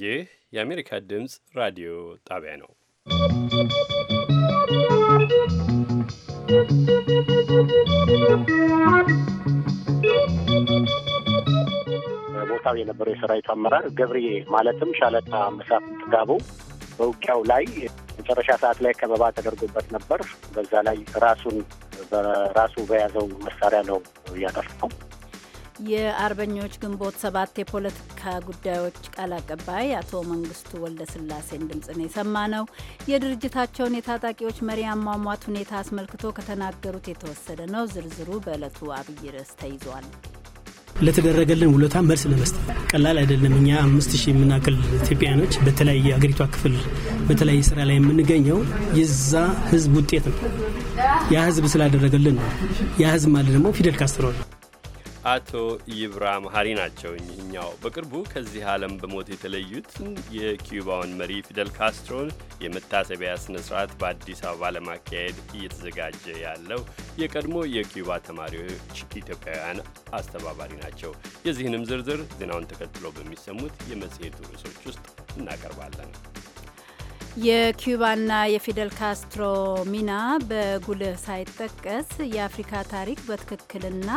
ይህ የአሜሪካ ድምፅ ራዲዮ ጣቢያ ነው። ቦታው የነበረው የሰራዊቱ አመራር ገብርዬ ማለትም ሻለቃ መሳፍንት ጥጋቡ በውጊያው ላይ መጨረሻ ሰዓት ላይ ከበባ ተደርጎበት ነበር። በዛ ላይ ራሱን በራሱ በያዘው መሳሪያ ነው እያጠፋው። የአርበኞች ግንቦት ሰባት የፖለቲካ ጉዳዮች ቃል አቀባይ አቶ መንግስቱ ወልደ ስላሴን ነው የሰማ ነው። የድርጅታቸውን የታጣቂዎች መሪ አሟሟት ሁኔታ አስመልክቶ ከተናገሩት የተወሰደ ነው። ዝርዝሩ በዕለቱ አብይ ርዕስ ተይዟል። ለተደረገልን ውለታ መልስ ለመስጠት ቀላል አይደለም። እኛ አምስት ሺህ የምናክል ኢትዮጵያውያኖች በተለያየ አገሪቷ ክፍል በተለያየ ስራ ላይ የምንገኘው የዛ ህዝብ ውጤት ነው። ያ ህዝብ ስላደረገልን ነው። ያ ህዝብ ማለት ደግሞ ፊደል ካስትሮ ነው። አቶ ይብራ መሀሪ ናቸው። እኚህኛው በቅርቡ ከዚህ ዓለም በሞት የተለዩትን የኪዩባውን መሪ ፊደል ካስትሮን የመታሰቢያ ስነ ስርዓት በአዲስ አበባ ለማካሄድ እየተዘጋጀ ያለው የቀድሞ የኪዩባ ተማሪዎች ኢትዮጵያውያን አስተባባሪ ናቸው። የዚህንም ዝርዝር ዜናውን ተከትሎ በሚሰሙት የመጽሔቱ ርዕሶች ውስጥ እናቀርባለን። የኪዩባና የፊደል ካስትሮ ሚና በጉልህ ሳይጠቀስ የአፍሪካ ታሪክ በትክክልና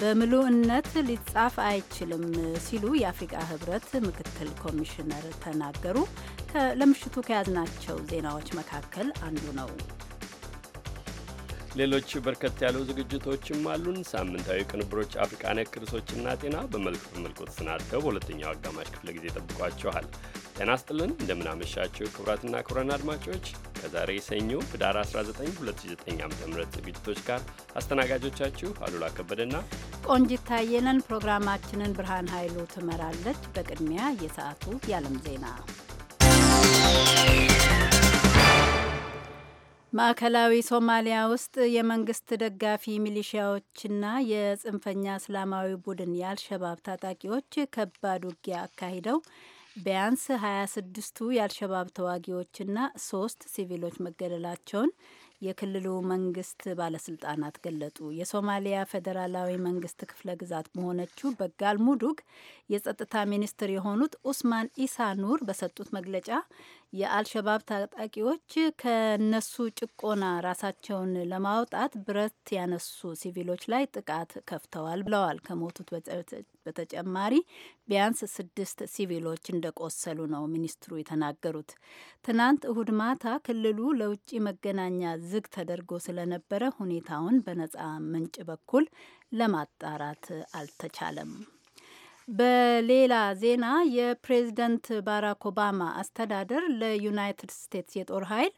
በምሉእነት ሊጻፍ አይችልም ሲሉ የአፍሪቃ ህብረት ምክትል ኮሚሽነር ተናገሩ። ለምሽቱ ከያዝናቸው ዜናዎች መካከል አንዱ ነው። ሌሎች በርከት ያሉ ዝግጅቶችም አሉን። ሳምንታዊ ቅንብሮች፣ አፍሪቃ ነክ ርዕሶችና ጤና በመልክ በመልኩ ተሰናድተው በሁለተኛው አጋማሽ ክፍለ ጊዜ ጠብቋቸዋል። ጤና ስጥልን እንደምናመሻቸው ክቡራትና ክቡራን አድማጮች ከዛሬ ሰኞ ህዳር 19 2009 ዓ ም ዝግጅቶች ጋር አስተናጋጆቻችሁ አሉላ ከበደና ቆንጂት ታየነን። ፕሮግራማችንን ብርሃን ኃይሉ ትመራለች። በቅድሚያ የሰዓቱ የዓለም ዜና ማዕከላዊ ሶማሊያ ውስጥ የመንግስት ደጋፊ ሚሊሺያዎችና የጽንፈኛ እስላማዊ ቡድን የአልሸባብ ታጣቂዎች ከባድ ውጊያ አካሂደው ቢያንስ 26 ስድስቱ የአልሸባብ ተዋጊዎችና ሶስት ሲቪሎች መገደላቸውን የክልሉ መንግስት ባለስልጣናት ገለጡ። የሶማሊያ ፌዴራላዊ መንግስት ክፍለ ግዛት በሆነችው በጋልሙዱግ የጸጥታ ሚኒስትር የሆኑት ኡስማን ኢሳ ኑር በሰጡት መግለጫ የአልሸባብ ታጣቂዎች ከነሱ ጭቆና ራሳቸውን ለማውጣት ብረት ያነሱ ሲቪሎች ላይ ጥቃት ከፍተዋል ብለዋል። ከሞቱት በተጨማሪ ቢያንስ ስድስት ሲቪሎች እንደቆሰሉ ነው ሚኒስትሩ የተናገሩት። ትናንት እሁድ ማታ ክልሉ ለውጭ መገናኛ ዝግ ተደርጎ ስለነበረ ሁኔታውን በነፃ ምንጭ በኩል ለማጣራት አልተቻለም። በሌላ ዜና የፕሬዝደንት ባራክ ኦባማ አስተዳደር ለዩናይትድ ስቴትስ የጦር ኃይል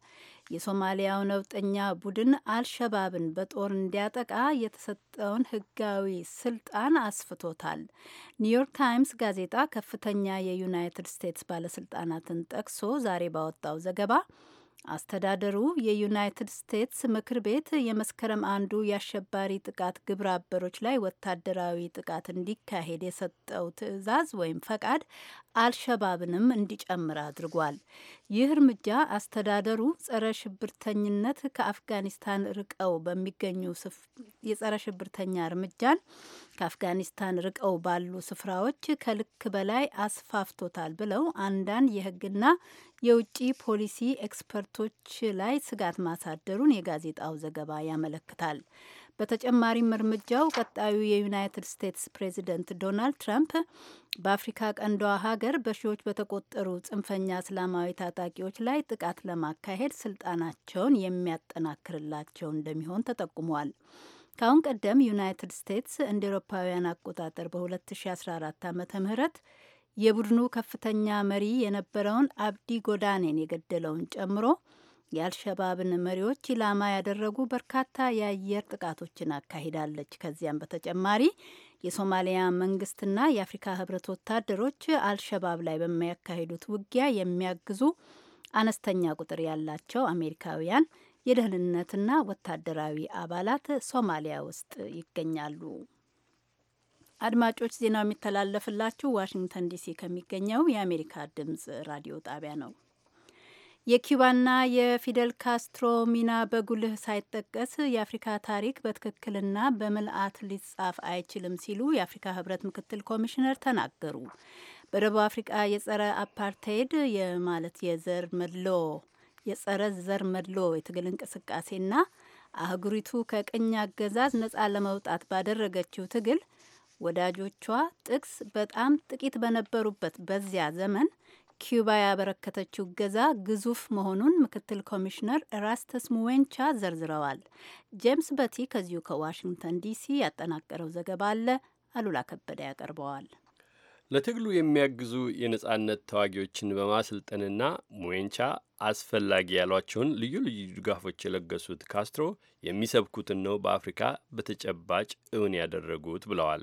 የሶማሊያው ነውጠኛ ቡድን አልሸባብን በጦር እንዲያጠቃ የተሰጠውን ሕጋዊ ስልጣን አስፍቶታል። ኒውዮርክ ታይምስ ጋዜጣ ከፍተኛ የዩናይትድ ስቴትስ ባለስልጣናትን ጠቅሶ ዛሬ ባወጣው ዘገባ አስተዳደሩ የዩናይትድ ስቴትስ ምክር ቤት የመስከረም አንዱ የአሸባሪ ጥቃት ግብረ አበሮች ላይ ወታደራዊ ጥቃት እንዲካሄድ የሰጠው ትዕዛዝ ወይም ፈቃድ አልሸባብንም እንዲጨምር አድርጓል። ይህ እርምጃ አስተዳደሩ ጸረ ሽብርተኝነት ከአፍጋኒስታን ርቀው በሚገኙ የጸረ ሽብርተኛ እርምጃን ከአፍጋኒስታን ርቀው ባሉ ስፍራዎች ከልክ በላይ አስፋፍቶታል ብለው አንዳንድ የሕግና የውጭ ፖሊሲ ኤክስፐርት መብቶች ላይ ስጋት ማሳደሩን የጋዜጣው ዘገባ ያመለክታል። በተጨማሪም እርምጃው ቀጣዩ የዩናይትድ ስቴትስ ፕሬዚደንት ዶናልድ ትራምፕ በአፍሪካ ቀንዷ ሀገር በሺዎች በተቆጠሩ ጽንፈኛ እስላማዊ ታጣቂዎች ላይ ጥቃት ለማካሄድ ስልጣናቸውን የሚያጠናክርላቸው እንደሚሆን ተጠቁሟል። ከአሁን ቀደም ዩናይትድ ስቴትስ እንደ ኤሮፓውያን አቆጣጠር በ2014 ዓ ም የቡድኑ ከፍተኛ መሪ የነበረውን አብዲ ጎዳኔን የገደለውን ጨምሮ የአልሸባብን መሪዎች ኢላማ ያደረጉ በርካታ የአየር ጥቃቶችን አካሂዳለች። ከዚያም በተጨማሪ የሶማሊያ መንግስትና የአፍሪካ ህብረት ወታደሮች አልሸባብ ላይ በሚያካሂዱት ውጊያ የሚያግዙ አነስተኛ ቁጥር ያላቸው አሜሪካውያን የደህንነትና ወታደራዊ አባላት ሶማሊያ ውስጥ ይገኛሉ። አድማጮች ዜናው የሚተላለፍላችሁ ዋሽንግተን ዲሲ ከሚገኘው የአሜሪካ ድምጽ ራዲዮ ጣቢያ ነው። የኪውባና የፊደል ካስትሮ ሚና በጉልህ ሳይጠቀስ የአፍሪካ ታሪክ በትክክልና በምልአት ሊጻፍ አይችልም ሲሉ የአፍሪካ ሕብረት ምክትል ኮሚሽነር ተናገሩ። በደቡብ አፍሪቃ የጸረ አፓርታይድ የማለት የዘር መድሎ የጸረ ዘር መድሎ የትግል እንቅስቃሴና አህጉሪቱ ከቅኝ አገዛዝ ነጻ ለመውጣት ባደረገችው ትግል ወዳጆቿ ጥቅስ በጣም ጥቂት በነበሩበት በዚያ ዘመን ኪዩባ ያበረከተችው እገዛ ግዙፍ መሆኑን ምክትል ኮሚሽነር ኤራስተስ ሙዌንቻ ዘርዝረዋል። ጄምስ በቲ ከዚሁ ከዋሽንግተን ዲሲ ያጠናቀረው ዘገባ አለ። አሉላ ከበደ ያቀርበዋል። ለትግሉ የሚያግዙ የነጻነት ተዋጊዎችን በማሰልጠንና ሙዌንቻ አስፈላጊ ያሏቸውን ልዩ ልዩ ድጋፎች የለገሱት ካስትሮ የሚሰብኩትን ነው በአፍሪካ በተጨባጭ እውን ያደረጉት ብለዋል።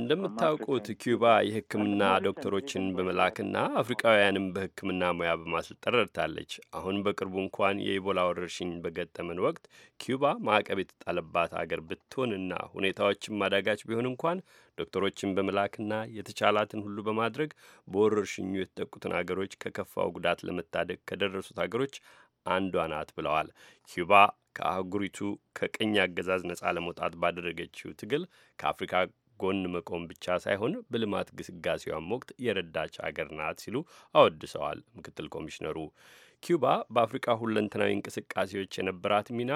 እንደምታውቁት ኪዩባ የሕክምና ዶክተሮችን በመላክና አፍሪቃውያንም በሕክምና ሙያ በማሰልጠን ረድታለች። አሁን በቅርቡ እንኳን የኢቦላ ወረርሽኝ በገጠመን ወቅት ኪዩባ ማዕቀብ የተጣለባት አገር ብትሆንና ሁኔታዎችን ማዳጋች ቢሆን እንኳን ዶክተሮችን በመላክና የተቻላትን ሁሉ በማድረግ በወረርሽኙ የተጠቁትን አገሮች ከከፋው ጉዳት ለመታደግ ከደረሱት አገሮች አንዷ ናት ብለዋል። ኪዩባ ከአህጉሪቱ ከቅኝ አገዛዝ ነፃ ለመውጣት ባደረገችው ትግል ከአፍሪካ ጎን መቆም ብቻ ሳይሆን በልማት ግስጋሴዋም ወቅት የረዳች አገር ናት ሲሉ አወድሰዋል ምክትል ኮሚሽነሩ። ኪዩባ በአፍሪቃ ሁለንተናዊ እንቅስቃሴዎች የነበራት ሚና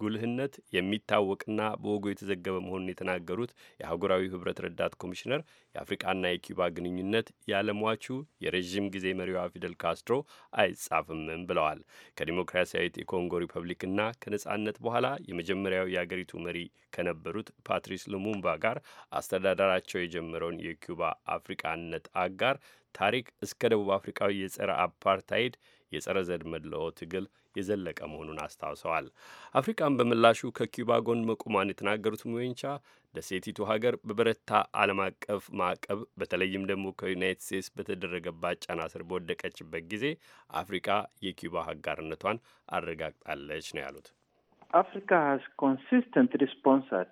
ጉልህነት የሚታወቅና በወጉ የተዘገበ መሆኑን የተናገሩት የአህጉራዊ ህብረት ረዳት ኮሚሽነር የአፍሪቃና የኪዩባ ግንኙነት ያለሟቹ የረዥም ጊዜ መሪዋ ፊደል ካስትሮ አይጻፍምም ብለዋል። ከዲሞክራሲያዊት የኮንጎ ሪፐብሊክና ከነጻነት በኋላ የመጀመሪያው የአገሪቱ መሪ ከነበሩት ፓትሪስ ሉሙምባ ጋር አስተዳደራቸው የጀመረውን የኪዩባ አፍሪቃነት አጋር ታሪክ እስከ ደቡብ አፍሪካዊ የጸረ አፓርታይድ የጸረ ዘድመድ ለኦ ትግል የዘለቀ መሆኑን አስታውሰዋል። አፍሪካን በምላሹ ከኪዩባ ጎን መቆሟን የተናገሩት ሙንቻ ደሴቲቱ ሀገር በበረታ ዓለም አቀፍ ማዕቀብ በተለይም ደግሞ ከዩናይት ስቴትስ በተደረገባት ጫና ስር በወደቀችበት ጊዜ አፍሪካ የኪዩባ አጋርነቷን አረጋግጣለች ነው ያሉት። አፍሪካ has ኮንሲስተንት responded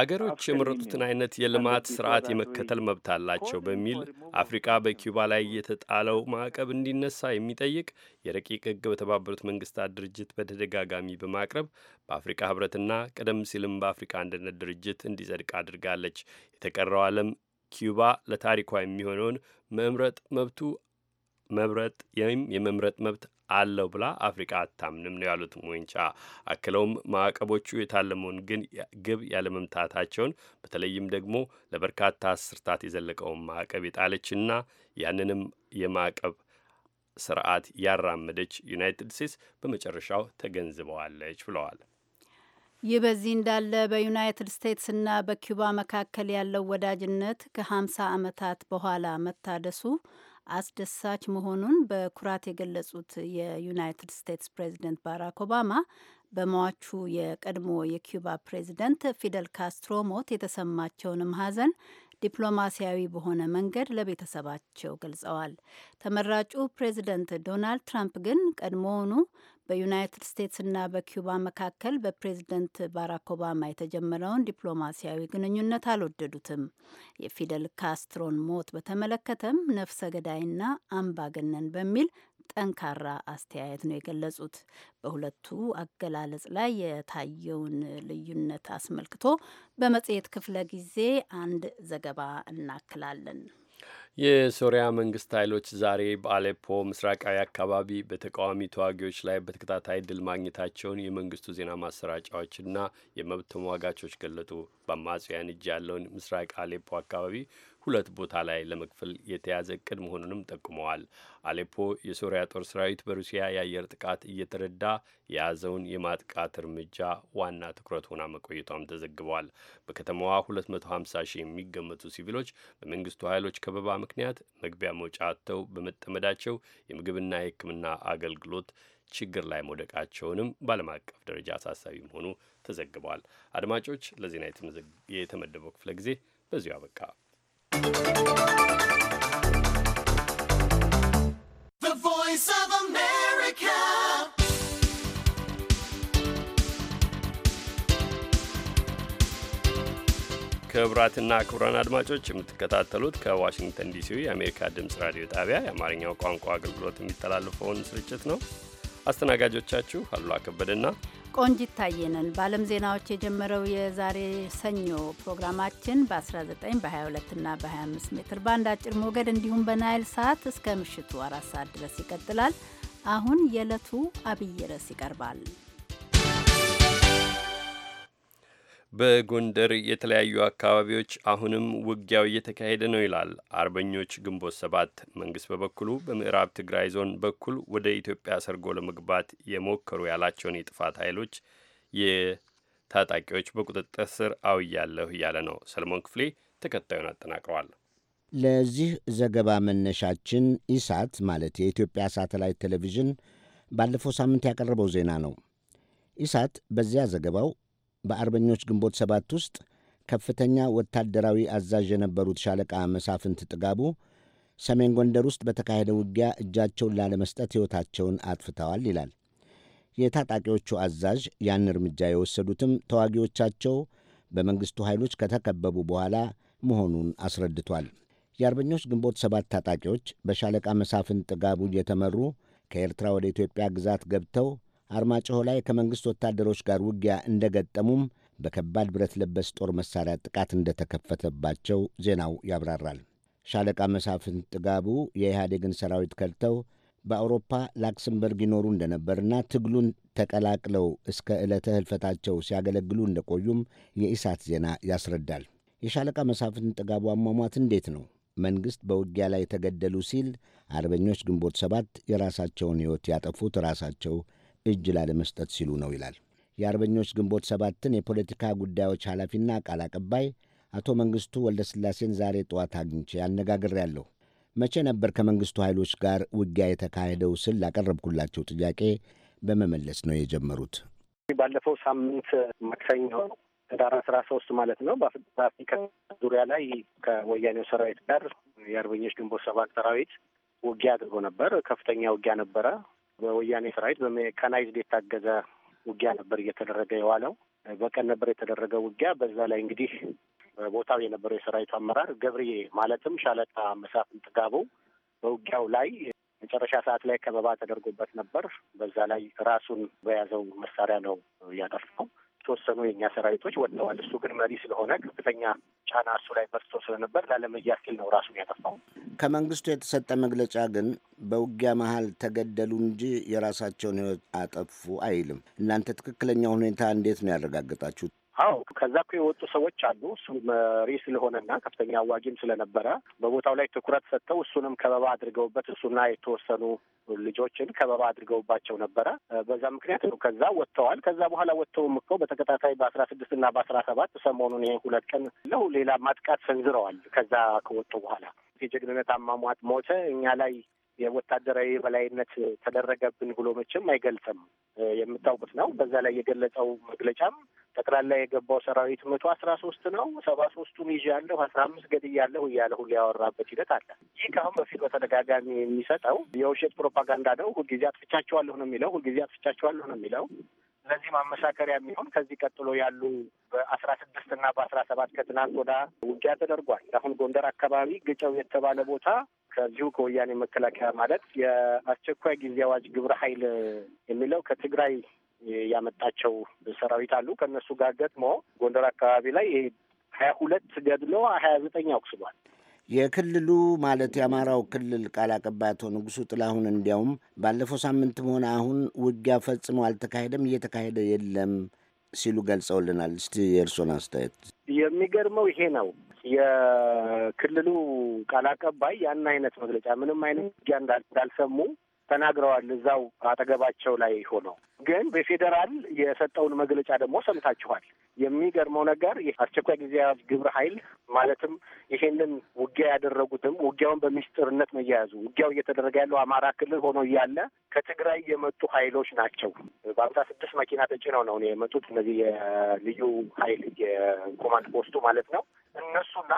አገሮች የመረጡትን አይነት የልማት ስርዓት የመከተል መብት አላቸው በሚል አፍሪቃ በኪውባ ላይ የተጣለው ማዕቀብ እንዲነሳ የሚጠይቅ የረቂቅ ሕግ በተባበሩት መንግስታት ድርጅት በተደጋጋሚ በማቅረብ በአፍሪቃ ህብረትና ቀደም ሲልም በአፍሪቃ አንድነት ድርጅት እንዲጸድቅ አድርጋለች። የተቀረው ዓለም ኪዩባ ለታሪኳ የሚሆነውን መምረጥ መብቱ መብረጥ ወይም የመምረጥ መብት አለው ብላ አፍሪቃ አታምንም ነው ያሉት ሙንጫ። አክለውም ማዕቀቦቹ የታለመውን ግን ግብ ያለመምታታቸውን በተለይም ደግሞ ለበርካታ አስርታት የዘለቀውን ማዕቀብ የጣለችና ያንንም የማዕቀብ ስርዓት ያራመደች ዩናይትድ ስቴትስ በመጨረሻው ተገንዝበዋለች ብለዋል። ይህ በዚህ እንዳለ በዩናይትድ ስቴትስና በኪዩባ መካከል ያለው ወዳጅነት ከ50 ዓመታት በኋላ መታደሱ አስደሳች መሆኑን በኩራት የገለጹት የዩናይትድ ስቴትስ ፕሬዚደንት ባራክ ኦባማ በሟቹ የቀድሞ የኪዩባ ፕሬዚደንት ፊደል ካስትሮ ሞት የተሰማቸውንም ሀዘን ዲፕሎማሲያዊ በሆነ መንገድ ለቤተሰባቸው ገልጸዋል። ተመራጩ ፕሬዚደንት ዶናልድ ትራምፕ ግን ቀድሞውኑ በዩናይትድ ስቴትስና በኪባ መካከል በፕሬዝደንት ባራክ ኦባማ የተጀመረውን ዲፕሎማሲያዊ ግንኙነት አልወደዱትም። የፊደል ካስትሮን ሞት በተመለከተም ነፍሰ ገዳይና አምባገነን በሚል ጠንካራ አስተያየት ነው የገለጹት። በሁለቱ አገላለጽ ላይ የታየውን ልዩነት አስመልክቶ በመጽሔት ክፍለ ጊዜ አንድ ዘገባ እናክላለን። የሶሪያ መንግስት ኃይሎች ዛሬ በአሌፖ ምስራቃዊ አካባቢ በተቃዋሚ ተዋጊዎች ላይ በተከታታይ ድል ማግኘታቸውን የመንግስቱ ዜና ማሰራጫዎችና የመብት ተሟጋቾች ገለጡ። በአማጽያን እጅ ያለውን ምስራቅ አሌፖ አካባቢ ሁለት ቦታ ላይ ለመክፈል የተያዘ እቅድ መሆኑንም ጠቁመዋል። አሌፖ የሶሪያ ጦር ሰራዊት በሩሲያ የአየር ጥቃት እየተረዳ የያዘውን የማጥቃት እርምጃ ዋና ትኩረት ሆና መቆየቷም ተዘግበዋል። በከተማዋ 250 ሺህ የሚገመቱ ሲቪሎች በመንግስቱ ኃይሎች ከበባ ምክንያት መግቢያ መውጫ አጥተው በመጠመዳቸው የምግብና የሕክምና አገልግሎት ችግር ላይ መውደቃቸውንም በዓለም አቀፍ ደረጃ አሳሳቢ መሆኑ ተዘግበዋል። አድማጮች፣ ለዜና የተመደበው ክፍለ ጊዜ በዚሁ አበቃ። ክቡራትና ክቡራን አድማጮች የምትከታተሉት ከዋሽንግተን ዲሲ የአሜሪካ ድምፅ ራዲዮ ጣቢያ የአማርኛው ቋንቋ አገልግሎት የሚተላለፈውን ስርጭት ነው። አስተናጋጆቻችሁ አሉላ ከበደና ቆንጅ ይታየንን በዓለም ዜናዎች የጀመረው የዛሬ ሰኞ ፕሮግራማችን በ19 በ22 እና በ25 ሜትር ባንድ አጭር ሞገድ እንዲሁም በናይል ሰዓት እስከ ምሽቱ አራት ሰዓት ድረስ ይቀጥላል። አሁን የዕለቱ አብይ ርዕስ ይቀርባል። በጎንደር የተለያዩ አካባቢዎች አሁንም ውጊያው እየተካሄደ ነው ይላል አርበኞች ግንቦት ሰባት። መንግስት በበኩሉ በምዕራብ ትግራይ ዞን በኩል ወደ ኢትዮጵያ ሰርጎ ለመግባት የሞከሩ ያላቸውን የጥፋት ኃይሎች የታጣቂዎች በቁጥጥር ስር አውያለሁ እያለ ነው። ሰለሞን ክፍሌ ተከታዩን አጠናቅረዋል። ለዚህ ዘገባ መነሻችን ኢሳት ማለት የኢትዮጵያ ሳተላይት ቴሌቪዥን ባለፈው ሳምንት ያቀረበው ዜና ነው። ኢሳት በዚያ ዘገባው በአርበኞች ግንቦት ሰባት ውስጥ ከፍተኛ ወታደራዊ አዛዥ የነበሩት ሻለቃ መሳፍንት ጥጋቡ ሰሜን ጎንደር ውስጥ በተካሄደ ውጊያ እጃቸውን ላለመስጠት ሕይወታቸውን አጥፍተዋል ይላል። የታጣቂዎቹ አዛዥ ያን እርምጃ የወሰዱትም ተዋጊዎቻቸው በመንግሥቱ ኃይሎች ከተከበቡ በኋላ መሆኑን አስረድቷል። የአርበኞች ግንቦት ሰባት ታጣቂዎች በሻለቃ መሳፍንት ጥጋቡ እየተመሩ ከኤርትራ ወደ ኢትዮጵያ ግዛት ገብተው አርማጭሆ ላይ ከመንግሥት ወታደሮች ጋር ውጊያ እንደገጠሙም በከባድ ብረት ለበስ ጦር መሳሪያ ጥቃት እንደተከፈተባቸው ዜናው ያብራራል። ሻለቃ መሳፍንት ጥጋቡ የኢህአዴግን ሰራዊት ከድተው በአውሮፓ ላክሰምበርግ ይኖሩ እንደነበርና ትግሉን ተቀላቅለው እስከ ዕለተ ህልፈታቸው ሲያገለግሉ እንደቆዩም የኢሳት ዜና ያስረዳል። የሻለቃ መሳፍንት ጥጋቡ አሟሟት እንዴት ነው? መንግሥት በውጊያ ላይ ተገደሉ ሲል አርበኞች ግንቦት ሰባት የራሳቸውን ሕይወት ያጠፉት ራሳቸው እጅ ላለመስጠት ሲሉ ነው ይላል። የአርበኞች ግንቦት ሰባትን የፖለቲካ ጉዳዮች ኃላፊና ቃል አቀባይ አቶ መንግሥቱ ሥላሴን ዛሬ ጠዋት አግኝቼ አነጋግሬያለሁ። መቼ ነበር ከመንግሥቱ ኃይሎች ጋር ውጊያ የተካሄደው ስል ላቀረብኩላቸው ጥያቄ በመመለስ ነው የጀመሩት። ባለፈው ሳምንት ማክሰኞ ህዳር አስራ ሶስት ማለት ነው በአፍሪካ ዙሪያ ላይ ከወያኔው ሰራዊት ጋር የአርበኞች ግንቦት ሰባት ሰራዊት ውጊያ አድርጎ ነበር። ከፍተኛ ውጊያ ነበረ። በወያኔ ሰራዊት በሜካናይዝድ የታገዘ ውጊያ ነበር እየተደረገ የዋለው። በቀን ነበር የተደረገ ውጊያ። በዛ ላይ እንግዲህ በቦታው የነበረው የሰራዊቱ አመራር ገብርዬ ማለትም ሻለቃ መሳፍን ጥጋቡ በውጊያው ላይ መጨረሻ ሰዓት ላይ ከበባ ተደርጎበት ነበር። በዛ ላይ ራሱን በያዘው መሳሪያ ነው እያጠፋው። የተወሰኑ የእኛ ሰራዊቶች ወጥተዋል። እሱ ግን መሪ ስለሆነ ከፍተኛ ጫና እሱ ላይ በርቶ ስለነበር ላለመያዝ ሲል ነው ራሱን ያጠፋው። ከመንግስቱ የተሰጠ መግለጫ ግን በውጊያ መሀል ተገደሉ እንጂ የራሳቸውን ህይወት አጠፉ አይልም። እናንተ ትክክለኛ ሁኔታ እንዴት ነው ያረጋገጣችሁት? አዎ ከዛ እኮ የወጡ ሰዎች አሉ። እሱም መሪ ስለሆነና ከፍተኛ አዋጊም ስለነበረ በቦታው ላይ ትኩረት ሰጥተው እሱንም ከበባ አድርገውበት እሱና የተወሰኑ ልጆችን ከበባ አድርገውባቸው ነበረ። በዛ ምክንያት ነው ከዛ ወጥተዋል። ከዛ በኋላ ወጥተውም እኮ በተከታታይ በአስራ ስድስት እና በአስራ ሰባት ሰሞኑን ይሄ ሁለት ቀን ለው ሌላ ማጥቃት ሰንዝረዋል። ከዛ ከወጡ በኋላ የጀግንነት አሟሟት ሞተ እኛ ላይ የወታደራዊ በላይነት ተደረገብን ብሎ መቼም አይገልጽም። የምታውቁት ነው። በዛ ላይ የገለጸው መግለጫም ጠቅላላ የገባው ሰራዊት መቶ አስራ ሶስት ነው፣ ሰባ ሶስቱን ያለሁ አስራ አምስት ገድያለሁ እያለ ሁሉ ያወራበት ሂደት አለ። ይህ ከአሁን በፊት በተደጋጋሚ የሚሰጠው የውሸት ፕሮፓጋንዳ ነው። ሁልጊዜ አጥፍቻቸዋለሁ ነው የሚለው፣ ሁልጊዜ አጥፍቻቸዋለሁ ነው የሚለው። ለዚህ ማመሳከሪያ የሚሆን ከዚህ ቀጥሎ ያሉ በአስራ ስድስት እና በአስራ ሰባት ከትናንት ወዳ ውጊያ ተደርጓል። አሁን ጎንደር አካባቢ ግጨው የተባለ ቦታ ከዚሁ ከወያኔ መከላከያ ማለት የአስቸኳይ ጊዜ አዋጅ ግብረ ኃይል የሚለው ከትግራይ ያመጣቸው ሰራዊት አሉ። ከእነሱ ጋር ገጥሞ ጎንደር አካባቢ ላይ ሀያ ሁለት ገድሎ ሀያ ዘጠኝ አቁስሏል። የክልሉ ማለት የአማራው ክልል ቃል አቀባይ አቶ ንጉሱ ጥላሁን እንዲያውም ባለፈው ሳምንትም ሆነ አሁን ውጊያ ፈጽሞ አልተካሄደም፣ እየተካሄደ የለም ሲሉ ገልጸውልናል። እስቲ የእርስዎን አስተያየት። የሚገርመው ይሄ ነው። የክልሉ ቃል አቀባይ ያን አይነት መግለጫ ምንም አይነት ውጊያ እንዳልሰሙ ተናግረዋል። እዛው አጠገባቸው ላይ ሆነው ግን በፌዴራል የሰጠውን መግለጫ ደግሞ ሰምታችኋል። የሚገርመው ነገር አስቸኳይ ጊዜ አዋጅ ግብረ ኃይል ማለትም ይሄንን ውጊያ ያደረጉትም ውጊያውን በሚስጥርነት መያያዙ ውጊያው እየተደረገ ያለው አማራ ክልል ሆኖ እያለ ከትግራይ የመጡ ኃይሎች ናቸው። በአምሳ ስድስት መኪና ተጭነው ነው የመጡት እነዚህ የልዩ ኃይል የኮማንድ ፖስቱ ማለት ነው እነሱና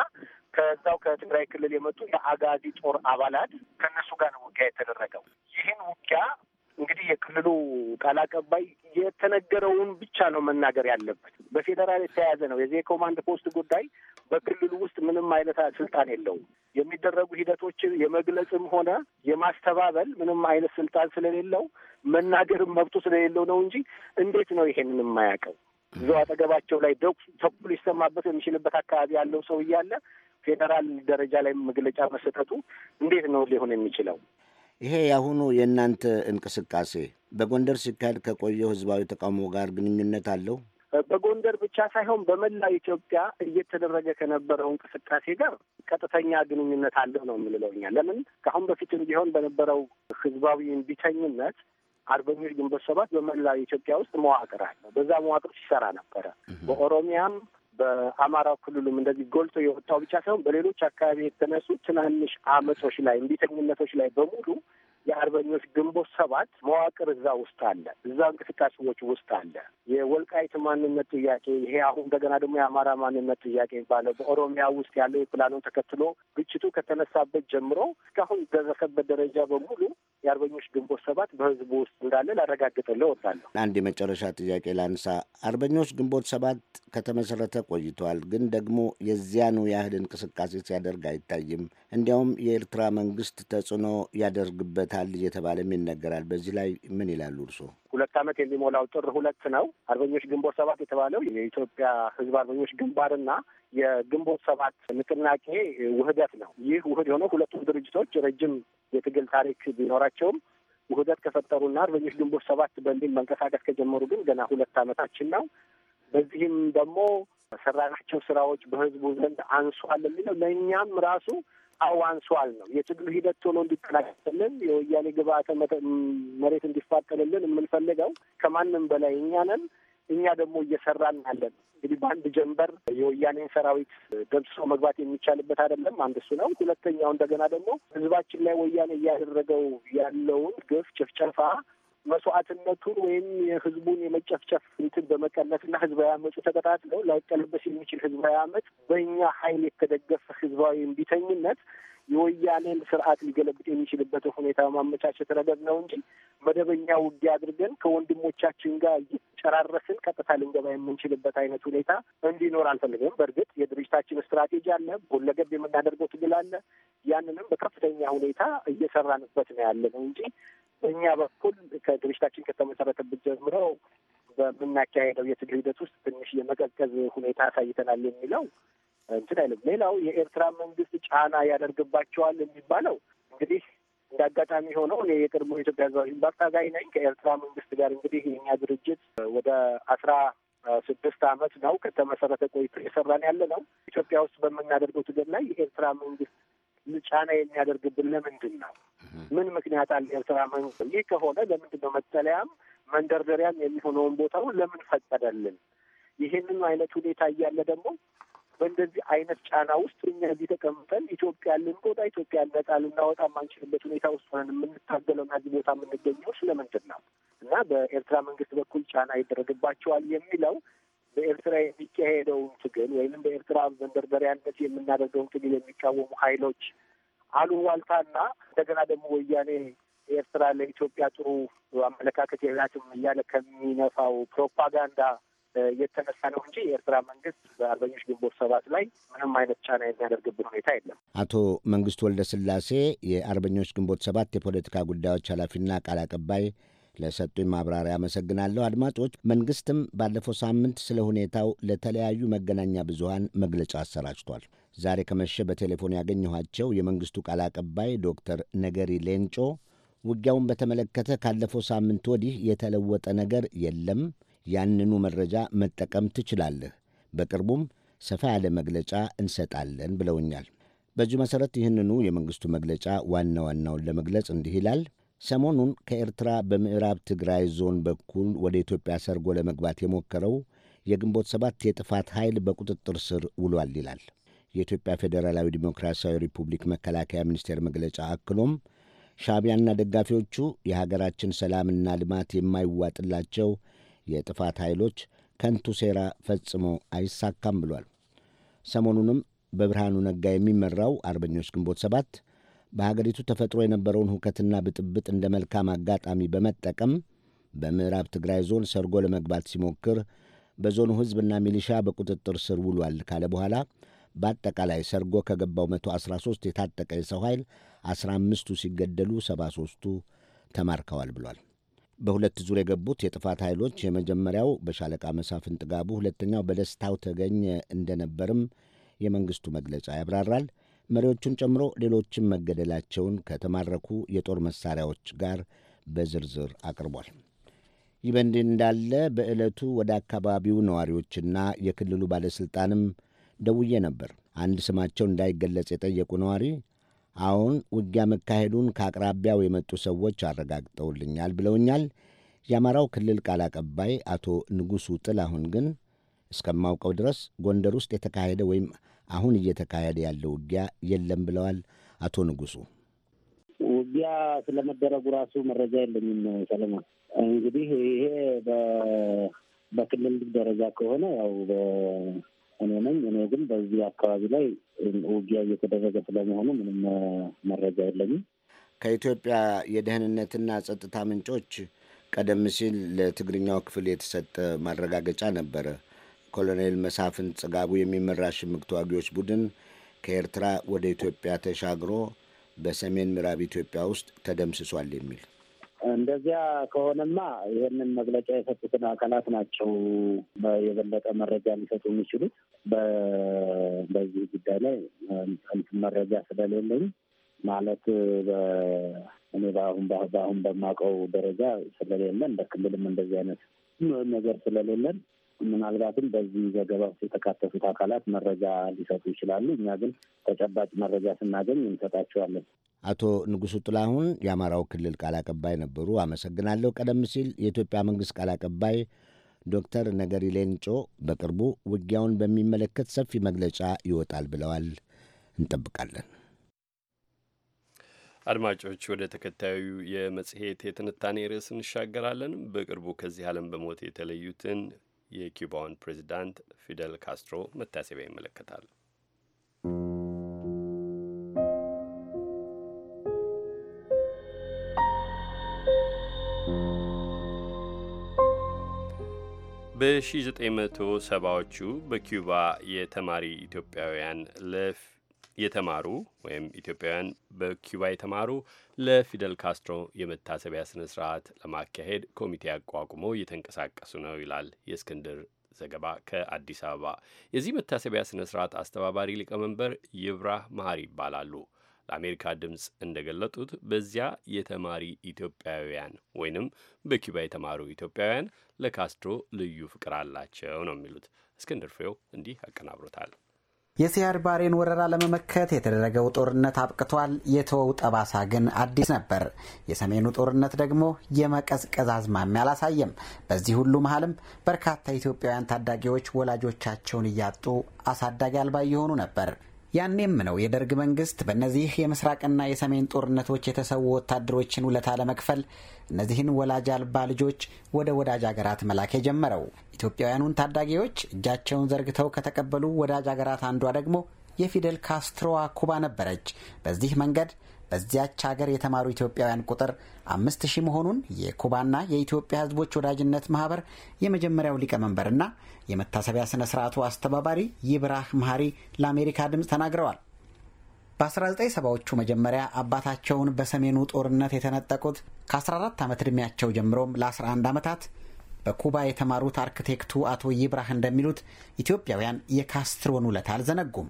ከዛው ከትግራይ ክልል የመጡ የአጋዚ ጦር አባላት ከእነሱ ጋር ነው ውጊያ የተደረገው። ይህን ውጊያ እንግዲህ የክልሉ ቃል አቀባይ የተነገረውን ብቻ ነው መናገር ያለበት። በፌዴራል የተያያዘ ነው። የዚህ የኮማንድ ፖስት ጉዳይ በክልሉ ውስጥ ምንም አይነት ስልጣን የለውም። የሚደረጉ ሂደቶችን የመግለጽም ሆነ የማስተባበል ምንም አይነት ስልጣን ስለሌለው መናገርም መብቱ ስለሌለው ነው እንጂ እንዴት ነው ይሄንን የማያውቀው? እዛው አጠገባቸው ላይ ደቁ ሊሰማበት የሚችልበት አካባቢ ያለው ሰው እያለ ፌዴራል ደረጃ ላይ መግለጫ መሰጠቱ እንዴት ነው ሊሆን የሚችለው? ይሄ የአሁኑ የእናንተ እንቅስቃሴ በጎንደር ሲካሄድ ከቆየው ህዝባዊ ተቃውሞ ጋር ግንኙነት አለው? በጎንደር ብቻ ሳይሆን በመላ ኢትዮጵያ እየተደረገ ከነበረው እንቅስቃሴ ጋር ቀጥተኛ ግንኙነት አለው ነው የምንለው እኛ። ለምን ከአሁን በፊትም ቢሆን በነበረው ህዝባዊ ቢተኝነት አርበኞች ግንቦት ሰባት በመላ ኢትዮጵያ ውስጥ መዋቅር አለ። በዛ መዋቅር ሲሰራ ነበረ። በኦሮሚያም በአማራ ክልሉም እንደዚህ ጎልቶ የወጣው ብቻ ሳይሆን በሌሎች አካባቢ የተነሱ ትናንሽ አመጾች ላይ፣ እንቢተኝነቶች ላይ በሙሉ የአርበኞች ግንቦት ሰባት መዋቅር እዛ ውስጥ አለ፣ እዛ እንቅስቃሴዎች ውስጥ አለ። የወልቃይት ማንነት ጥያቄ ይሄ አሁን እንደገና ደግሞ የአማራ ማንነት ጥያቄ ባለ በኦሮሚያ ውስጥ ያለው የፕላኑን ተከትሎ ግጭቱ ከተነሳበት ጀምሮ እስካሁን ደረሰበት ደረጃ በሙሉ የአርበኞች ግንቦት ሰባት በህዝቡ ውስጥ እንዳለ ላረጋግጥልህ እወዳለሁ። አንድ የመጨረሻ ጥያቄ ላንሳ። አርበኞች ግንቦት ሰባት ከተመሰረተ ቆይተዋል፣ ግን ደግሞ የዚያኑ ያህል እንቅስቃሴ ሲያደርግ አይታይም። እንዲያውም የኤርትራ መንግስት ተጽዕኖ ያደርግበታል ይሞታል እየተባለም ይነገራል። በዚህ ላይ ምን ይላሉ እርስዎ? ሁለት ዓመት የሚሞላው ጥር ሁለት ነው አርበኞች ግንቦት ሰባት የተባለው የኢትዮጵያ ሕዝብ አርበኞች ግንባርና የግንቦት ሰባት ንቅናቄ ውህደት ነው። ይህ ውህድ የሆነው ሁለቱም ድርጅቶች ረጅም የትግል ታሪክ ቢኖራቸውም ውህደት ከፈጠሩና አርበኞች ግንቦት ሰባት በሚል መንቀሳቀስ ከጀመሩ ግን ገና ሁለት ዓመታችን ነው። በዚህም ደግሞ ሰራናቸው ስራዎች በህዝቡ ዘንድ አንሷል የሚለው ለእኛም ራሱ አዋንሷል ነው። የትግሉ ሂደት ቶሎ እንዲጠናቀልን የወያኔ ግብአተ መሬት እንዲፋጠልልን የምንፈልገው ከማንም በላይ እኛ ነን። እኛ ደግሞ እየሰራን ያለን እንግዲህ በአንድ ጀንበር የወያኔን ሰራዊት ደምስሶ መግባት የሚቻልበት አይደለም። አንድ እሱ ነው። ሁለተኛው እንደገና ደግሞ ህዝባችን ላይ ወያኔ እያደረገው ያለውን ግፍ ጭፍጨፋ መስዋዕትነቱን ወይም የህዝቡን የመጨፍጨፍ እንትን በመቀነስና ህዝባዊ አመፁ ተቀጣጥለው ላይቀለበስ የሚችል ህዝባዊ አመፅ በእኛ ሀይል የተደገፈ ህዝባዊ እምቢተኝነት የወያኔን ስርዓት ሊገለብጥ የሚችልበት ሁኔታ በማመቻቸት ረገድ ነው እንጂ መደበኛ ውጊያ አድርገን ከወንድሞቻችን ጋር እየተጨራረስን ቀጥታ ልንገባ የምንችልበት አይነት ሁኔታ እንዲኖር አልፈልግም። በእርግጥ የድርጅታችን ስትራቴጂ አለ፣ ሁለገብ የምናደርገው ትግል አለ። ያንንም በከፍተኛ ሁኔታ እየሰራንበት ነው ያለ ነው እንጂ በእኛ በኩል ከድርጅታችን ከተመሰረተበት ጀምሮ በምናካሄደው የትግል ሂደት ውስጥ ትንሽ የመቀዝቀዝ ሁኔታ አሳይተናል የሚለው እንትን አይልም። ሌላው የኤርትራ መንግስት ጫና ያደርግባቸዋል የሚባለው እንግዲህ እንደ አጋጣሚ ሆነው እኔ የቀድሞ የኢትዮጵያ ሕዝባዊ ባርታ ነኝ። ከኤርትራ መንግስት ጋር እንግዲህ የኛ ድርጅት ወደ አስራ ስድስት አመት ነው ከተመሰረተ ቆይቶ የሰራን ያለ ነው። ኢትዮጵያ ውስጥ በምናደርገው ትግል ላይ የኤርትራ መንግስት ጫና የሚያደርግብን ለምንድን ነው? ምን ምክንያት አለ ኤርትራ መንግስት? ይህ ከሆነ ለምንድን ነው መጠለያም መንደርደሪያም የሚሆነውን ቦታውን ለምን ፈቀደልን? ይህንን አይነት ሁኔታ እያለ ደግሞ በእንደዚህ አይነት ጫና ውስጥ እኛ እዚህ ተቀምጠን ኢትዮጵያን ልንጎዳ፣ ኢትዮጵያ ነጻ ልናወጣ ማንችልበት ሁኔታ ውስጥ ሆነን የምንታገለውና እዚህ ቦታ የምንገኘው ስለምንድን ነው እና በኤርትራ መንግስት በኩል ጫና ይደረግባቸዋል የሚለው በኤርትራ የሚካሄደውን ትግል ወይም በኤርትራ መንደርደሪያነት የምናደርገውን ትግል የሚቃወሙ ሀይሎች አሉባልታና እንደገና ደግሞ ወያኔ ኤርትራ ለኢትዮጵያ ጥሩ አመለካከት የላትም እያለ ከሚነፋው ፕሮፓጋንዳ የተነሳ ነው እንጂ የኤርትራ መንግስት በአርበኞች ግንቦት ሰባት ላይ ምንም አይነት ጫና የሚያደርግብን ሁኔታ የለም። አቶ መንግስቱ ወልደ ስላሴ የአርበኞች ግንቦት ሰባት የፖለቲካ ጉዳዮች ኃላፊና ቃል አቀባይ ለሰጡኝ ማብራሪያ አመሰግናለሁ። አድማጮች፣ መንግስትም ባለፈው ሳምንት ስለ ሁኔታው ለተለያዩ መገናኛ ብዙሀን መግለጫ አሰራጭቷል። ዛሬ ከመሸ በቴሌፎን ያገኘኋቸው የመንግስቱ ቃል አቀባይ ዶክተር ነገሪ ሌንጮ ውጊያውን በተመለከተ ካለፈው ሳምንት ወዲህ የተለወጠ ነገር የለም ያንኑ መረጃ መጠቀም ትችላለህ። በቅርቡም ሰፋ ያለ መግለጫ እንሰጣለን ብለውኛል። በዚሁ መሠረት ይህንኑ የመንግሥቱ መግለጫ ዋና ዋናውን ለመግለጽ እንዲህ ይላል። ሰሞኑን ከኤርትራ በምዕራብ ትግራይ ዞን በኩል ወደ ኢትዮጵያ ሰርጎ ለመግባት የሞከረው የግንቦት ሰባት የጥፋት ኃይል በቁጥጥር ስር ውሏል ይላል የኢትዮጵያ ፌዴራላዊ ዲሞክራሲያዊ ሪፑብሊክ መከላከያ ሚኒስቴር መግለጫ። አክሎም ሻቢያና ደጋፊዎቹ የሀገራችን ሰላምና ልማት የማይዋጥላቸው የጥፋት ኃይሎች ከንቱ ሴራ ፈጽሞ አይሳካም ብሏል። ሰሞኑንም በብርሃኑ ነጋ የሚመራው አርበኞች ግንቦት ሰባት በሀገሪቱ ተፈጥሮ የነበረውን ሁከትና ብጥብጥ እንደ መልካም አጋጣሚ በመጠቀም በምዕራብ ትግራይ ዞን ሰርጎ ለመግባት ሲሞክር በዞኑ ሕዝብና ሚሊሻ በቁጥጥር ስር ውሏል ካለ በኋላ በአጠቃላይ ሰርጎ ከገባው 113 የታጠቀ የሰው ኃይል 15ቱ ሲገደሉ 73ቱ ተማርከዋል ብሏል። በሁለት ዙር የገቡት የጥፋት ኃይሎች የመጀመሪያው በሻለቃ መሳፍን ጥጋቡ፣ ሁለተኛው በደስታው ተገኘ እንደነበርም የመንግስቱ መግለጫ ያብራራል። መሪዎቹን ጨምሮ ሌሎችም መገደላቸውን ከተማረኩ የጦር መሳሪያዎች ጋር በዝርዝር አቅርቧል። ይህ በእንዲህ እንዳለ በዕለቱ ወደ አካባቢው ነዋሪዎችና የክልሉ ባለሥልጣንም ደውዬ ነበር። አንድ ስማቸው እንዳይገለጽ የጠየቁ ነዋሪ አሁን ውጊያ መካሄዱን ከአቅራቢያው የመጡ ሰዎች አረጋግጠውልኛል ብለውኛል። የአማራው ክልል ቃል አቀባይ አቶ ንጉሡ ጥላሁን ግን እስከማውቀው ድረስ ጎንደር ውስጥ የተካሄደ ወይም አሁን እየተካሄደ ያለው ውጊያ የለም ብለዋል። አቶ ንጉሡ ውጊያ ስለመደረጉ ራሱ መረጃ የለኝም ሰለሞን። እንግዲህ ይሄ በክልል ደረጃ ከሆነ ያው እኔ ነኝ። እኔ ግን በዚህ አካባቢ ላይ ውጊያ እየተደረገ ስለመሆኑ ምንም መረጃ የለኝም። ከኢትዮጵያ የደህንነትና ጸጥታ ምንጮች ቀደም ሲል ለትግርኛው ክፍል የተሰጠ ማረጋገጫ ነበረ። ኮሎኔል መሳፍን ጽጋቡ የሚመራ ሽምቅ ተዋጊዎች ቡድን ከኤርትራ ወደ ኢትዮጵያ ተሻግሮ በሰሜን ምዕራብ ኢትዮጵያ ውስጥ ተደምስሷል የሚል እንደዚያ ከሆነማ ይህንን መግለጫ የሰጡትን አካላት ናቸው የበለጠ መረጃ ሊሰጡ የሚችሉት። በዚህ ጉዳይ ላይ እንትን መረጃ ስለሌለኝ ማለት እኔ በአሁን በአሁን በማውቀው ደረጃ ስለሌለን በክልልም እንደዚህ አይነት ነገር ስለሌለን ምናልባትም በዚህ ዘገባ ውስጥ የተካተቱት አካላት መረጃ ሊሰጡ ይችላሉ። እኛ ግን ተጨባጭ መረጃ ስናገኝ እንሰጣቸዋለን። አቶ ንጉሱ ጥላሁን የአማራው ክልል ቃል አቀባይ ነበሩ። አመሰግናለሁ። ቀደም ሲል የኢትዮጵያ መንግስት ቃል አቀባይ ዶክተር ነገሪ ሌንጮ በቅርቡ ውጊያውን በሚመለከት ሰፊ መግለጫ ይወጣል ብለዋል። እንጠብቃለን። አድማጮች ወደ ተከታዩ የመጽሔት የትንታኔ ርዕስ እንሻገራለን። በቅርቡ ከዚህ ዓለም በሞት የተለዩትን የኪውባውን ፕሬዚዳንት ፊደል ካስትሮ መታሰቢያ ይመለከታል። በ1970ዎቹ በኪዩባ የተማሪ ኢትዮጵያውያን ለፍ የተማሩ ወይም ኢትዮጵያውያን በኪዩባ የተማሩ ለፊደል ካስትሮ የመታሰቢያ ስነ ስርዓት ለማካሄድ ኮሚቴ አቋቁሞ እየተንቀሳቀሱ ነው ይላል የእስክንድር ዘገባ ከአዲስ አበባ። የዚህ መታሰቢያ ስነ ስርዓት አስተባባሪ ሊቀመንበር ይብራህ መሀሪ ይባላሉ። ለአሜሪካ ድምፅ እንደገለጡት በዚያ የተማሪ ኢትዮጵያውያን ወይንም በኪባ የተማሩ ኢትዮጵያውያን ለካስትሮ ልዩ ፍቅር አላቸው ነው የሚሉት። እስክንድር ፍሬው እንዲህ አቀናብሮታል። የሲያድ ባሬን ወረራ ለመመከት የተደረገው ጦርነት አብቅቷል። የተወው ጠባሳ ግን አዲስ ነበር። የሰሜኑ ጦርነት ደግሞ የመቀዝቀዝ አዝማሚያ አላሳየም። በዚህ ሁሉ መሀልም በርካታ ኢትዮጵያውያን ታዳጊዎች ወላጆቻቸውን እያጡ አሳዳጊ አልባ እየሆኑ ነበር። ያኔም ነው የደርግ መንግስት በእነዚህ የምስራቅና የሰሜን ጦርነቶች የተሰዉ ወታደሮችን ውለታ ለመክፈል እነዚህን ወላጅ አልባ ልጆች ወደ ወዳጅ አገራት መላክ የጀመረው። ኢትዮጵያውያኑን ታዳጊዎች እጃቸውን ዘርግተው ከተቀበሉ ወዳጅ አገራት አንዷ ደግሞ የፊደል ካስትሮዋ ኩባ ነበረች። በዚህ መንገድ በዚያች ሀገር የተማሩ ኢትዮጵያውያን ቁጥር አምስት ሺህ መሆኑን የኩባና የኢትዮጵያ ሕዝቦች ወዳጅነት ማህበር የመጀመሪያው ሊቀመንበርና የመታሰቢያ ስነ ስርዓቱ አስተባባሪ ይብራህ መሀሪ ለአሜሪካ ድምፅ ተናግረዋል። በ1970ዎቹ መጀመሪያ አባታቸውን በሰሜኑ ጦርነት የተነጠቁት ከ14 ዓመት ዕድሜያቸው ጀምሮም ለ11 ዓመታት በኩባ የተማሩት አርክቴክቱ አቶ ይብራህ እንደሚሉት ኢትዮጵያውያን የካስትሮን ውለታ አልዘነጉም።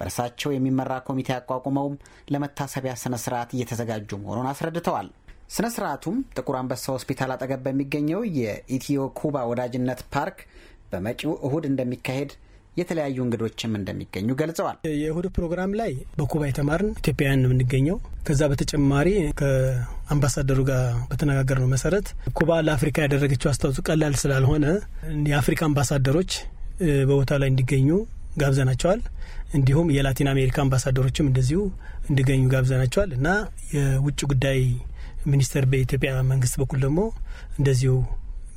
በእርሳቸው የሚመራ ኮሚቴ አቋቁመውም ለመታሰቢያ ስነ ስርዓት እየተዘጋጁ መሆኑን አስረድተዋል። ስነ ስርዓቱም ጥቁር አንበሳ ሆስፒታል አጠገብ በሚገኘው የኢትዮ ኩባ ወዳጅነት ፓርክ በመጪው እሁድ እንደሚካሄድ የተለያዩ እንግዶችም እንደሚገኙ ገልጸዋል። የእሁድ ፕሮግራም ላይ በኩባ የተማርን ኢትዮጵያውያን ነው የምንገኘው። ከዛ በተጨማሪ ከአምባሳደሩ ጋር ነው መሰረት ኩባ ለአፍሪካ ያደረገችው አስተዋጽኦ ቀላል ስላልሆነ የአፍሪካ አምባሳደሮች በቦታው ላይ እንዲገኙ ጋብዘናቸዋል። እንዲሁም የላቲን አሜሪካ አምባሳደሮችም እንደዚሁ እንዲገኙ ጋብዘናቸዋል እና የውጭ ጉዳይ ሚኒስቴር በኢትዮጵያ መንግስት በኩል ደግሞ እንደዚሁ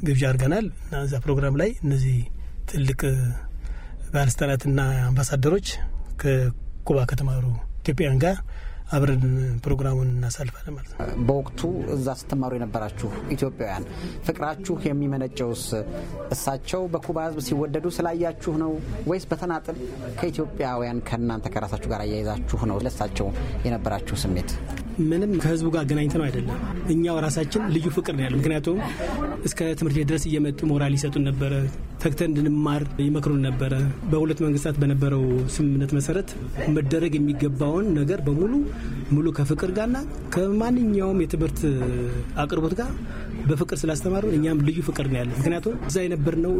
ግብዣ አድርገናል እና እዛ ፕሮግራም ላይ እነዚህ ትልቅ ባለስልጣናትና አምባሳደሮች ከኩባ ከተማሩ ኢትዮጵያውያን ጋር አብረን ፕሮግራሙን እናሳልፋለን ማለት ነው። በወቅቱ እዛ ስትማሩ የነበራችሁ ኢትዮጵያውያን ፍቅራችሁ የሚመነጨውስ እሳቸው በኩባ ሕዝብ ሲወደዱ ስላያችሁ ነው ወይስ በተናጥል ከኢትዮጵያውያን ከእናንተ ከራሳችሁ ጋር አያይዛችሁ ነው ለእሳቸው የነበራችሁ ስሜት? ምንም ከህዝቡ ጋር አገናኝተ ነው አይደለም። እኛው ራሳችን ልዩ ፍቅር ነው ያለ። ምክንያቱም እስከ ትምህርት ቤት ድረስ እየመጡ ሞራል ይሰጡን ነበረ፣ ተግተን እንድንማር ይመክሩን ነበረ። በሁለት መንግስታት በነበረው ስምምነት መሰረት መደረግ የሚገባውን ነገር በሙሉ ሙሉ ከፍቅር ጋርና ከማንኛውም የትምህርት አቅርቦት ጋር በፍቅር ስላስተማሩ እኛም ልዩ ፍቅር ነው ያለ። ምክንያቱም እዛ የነበርነው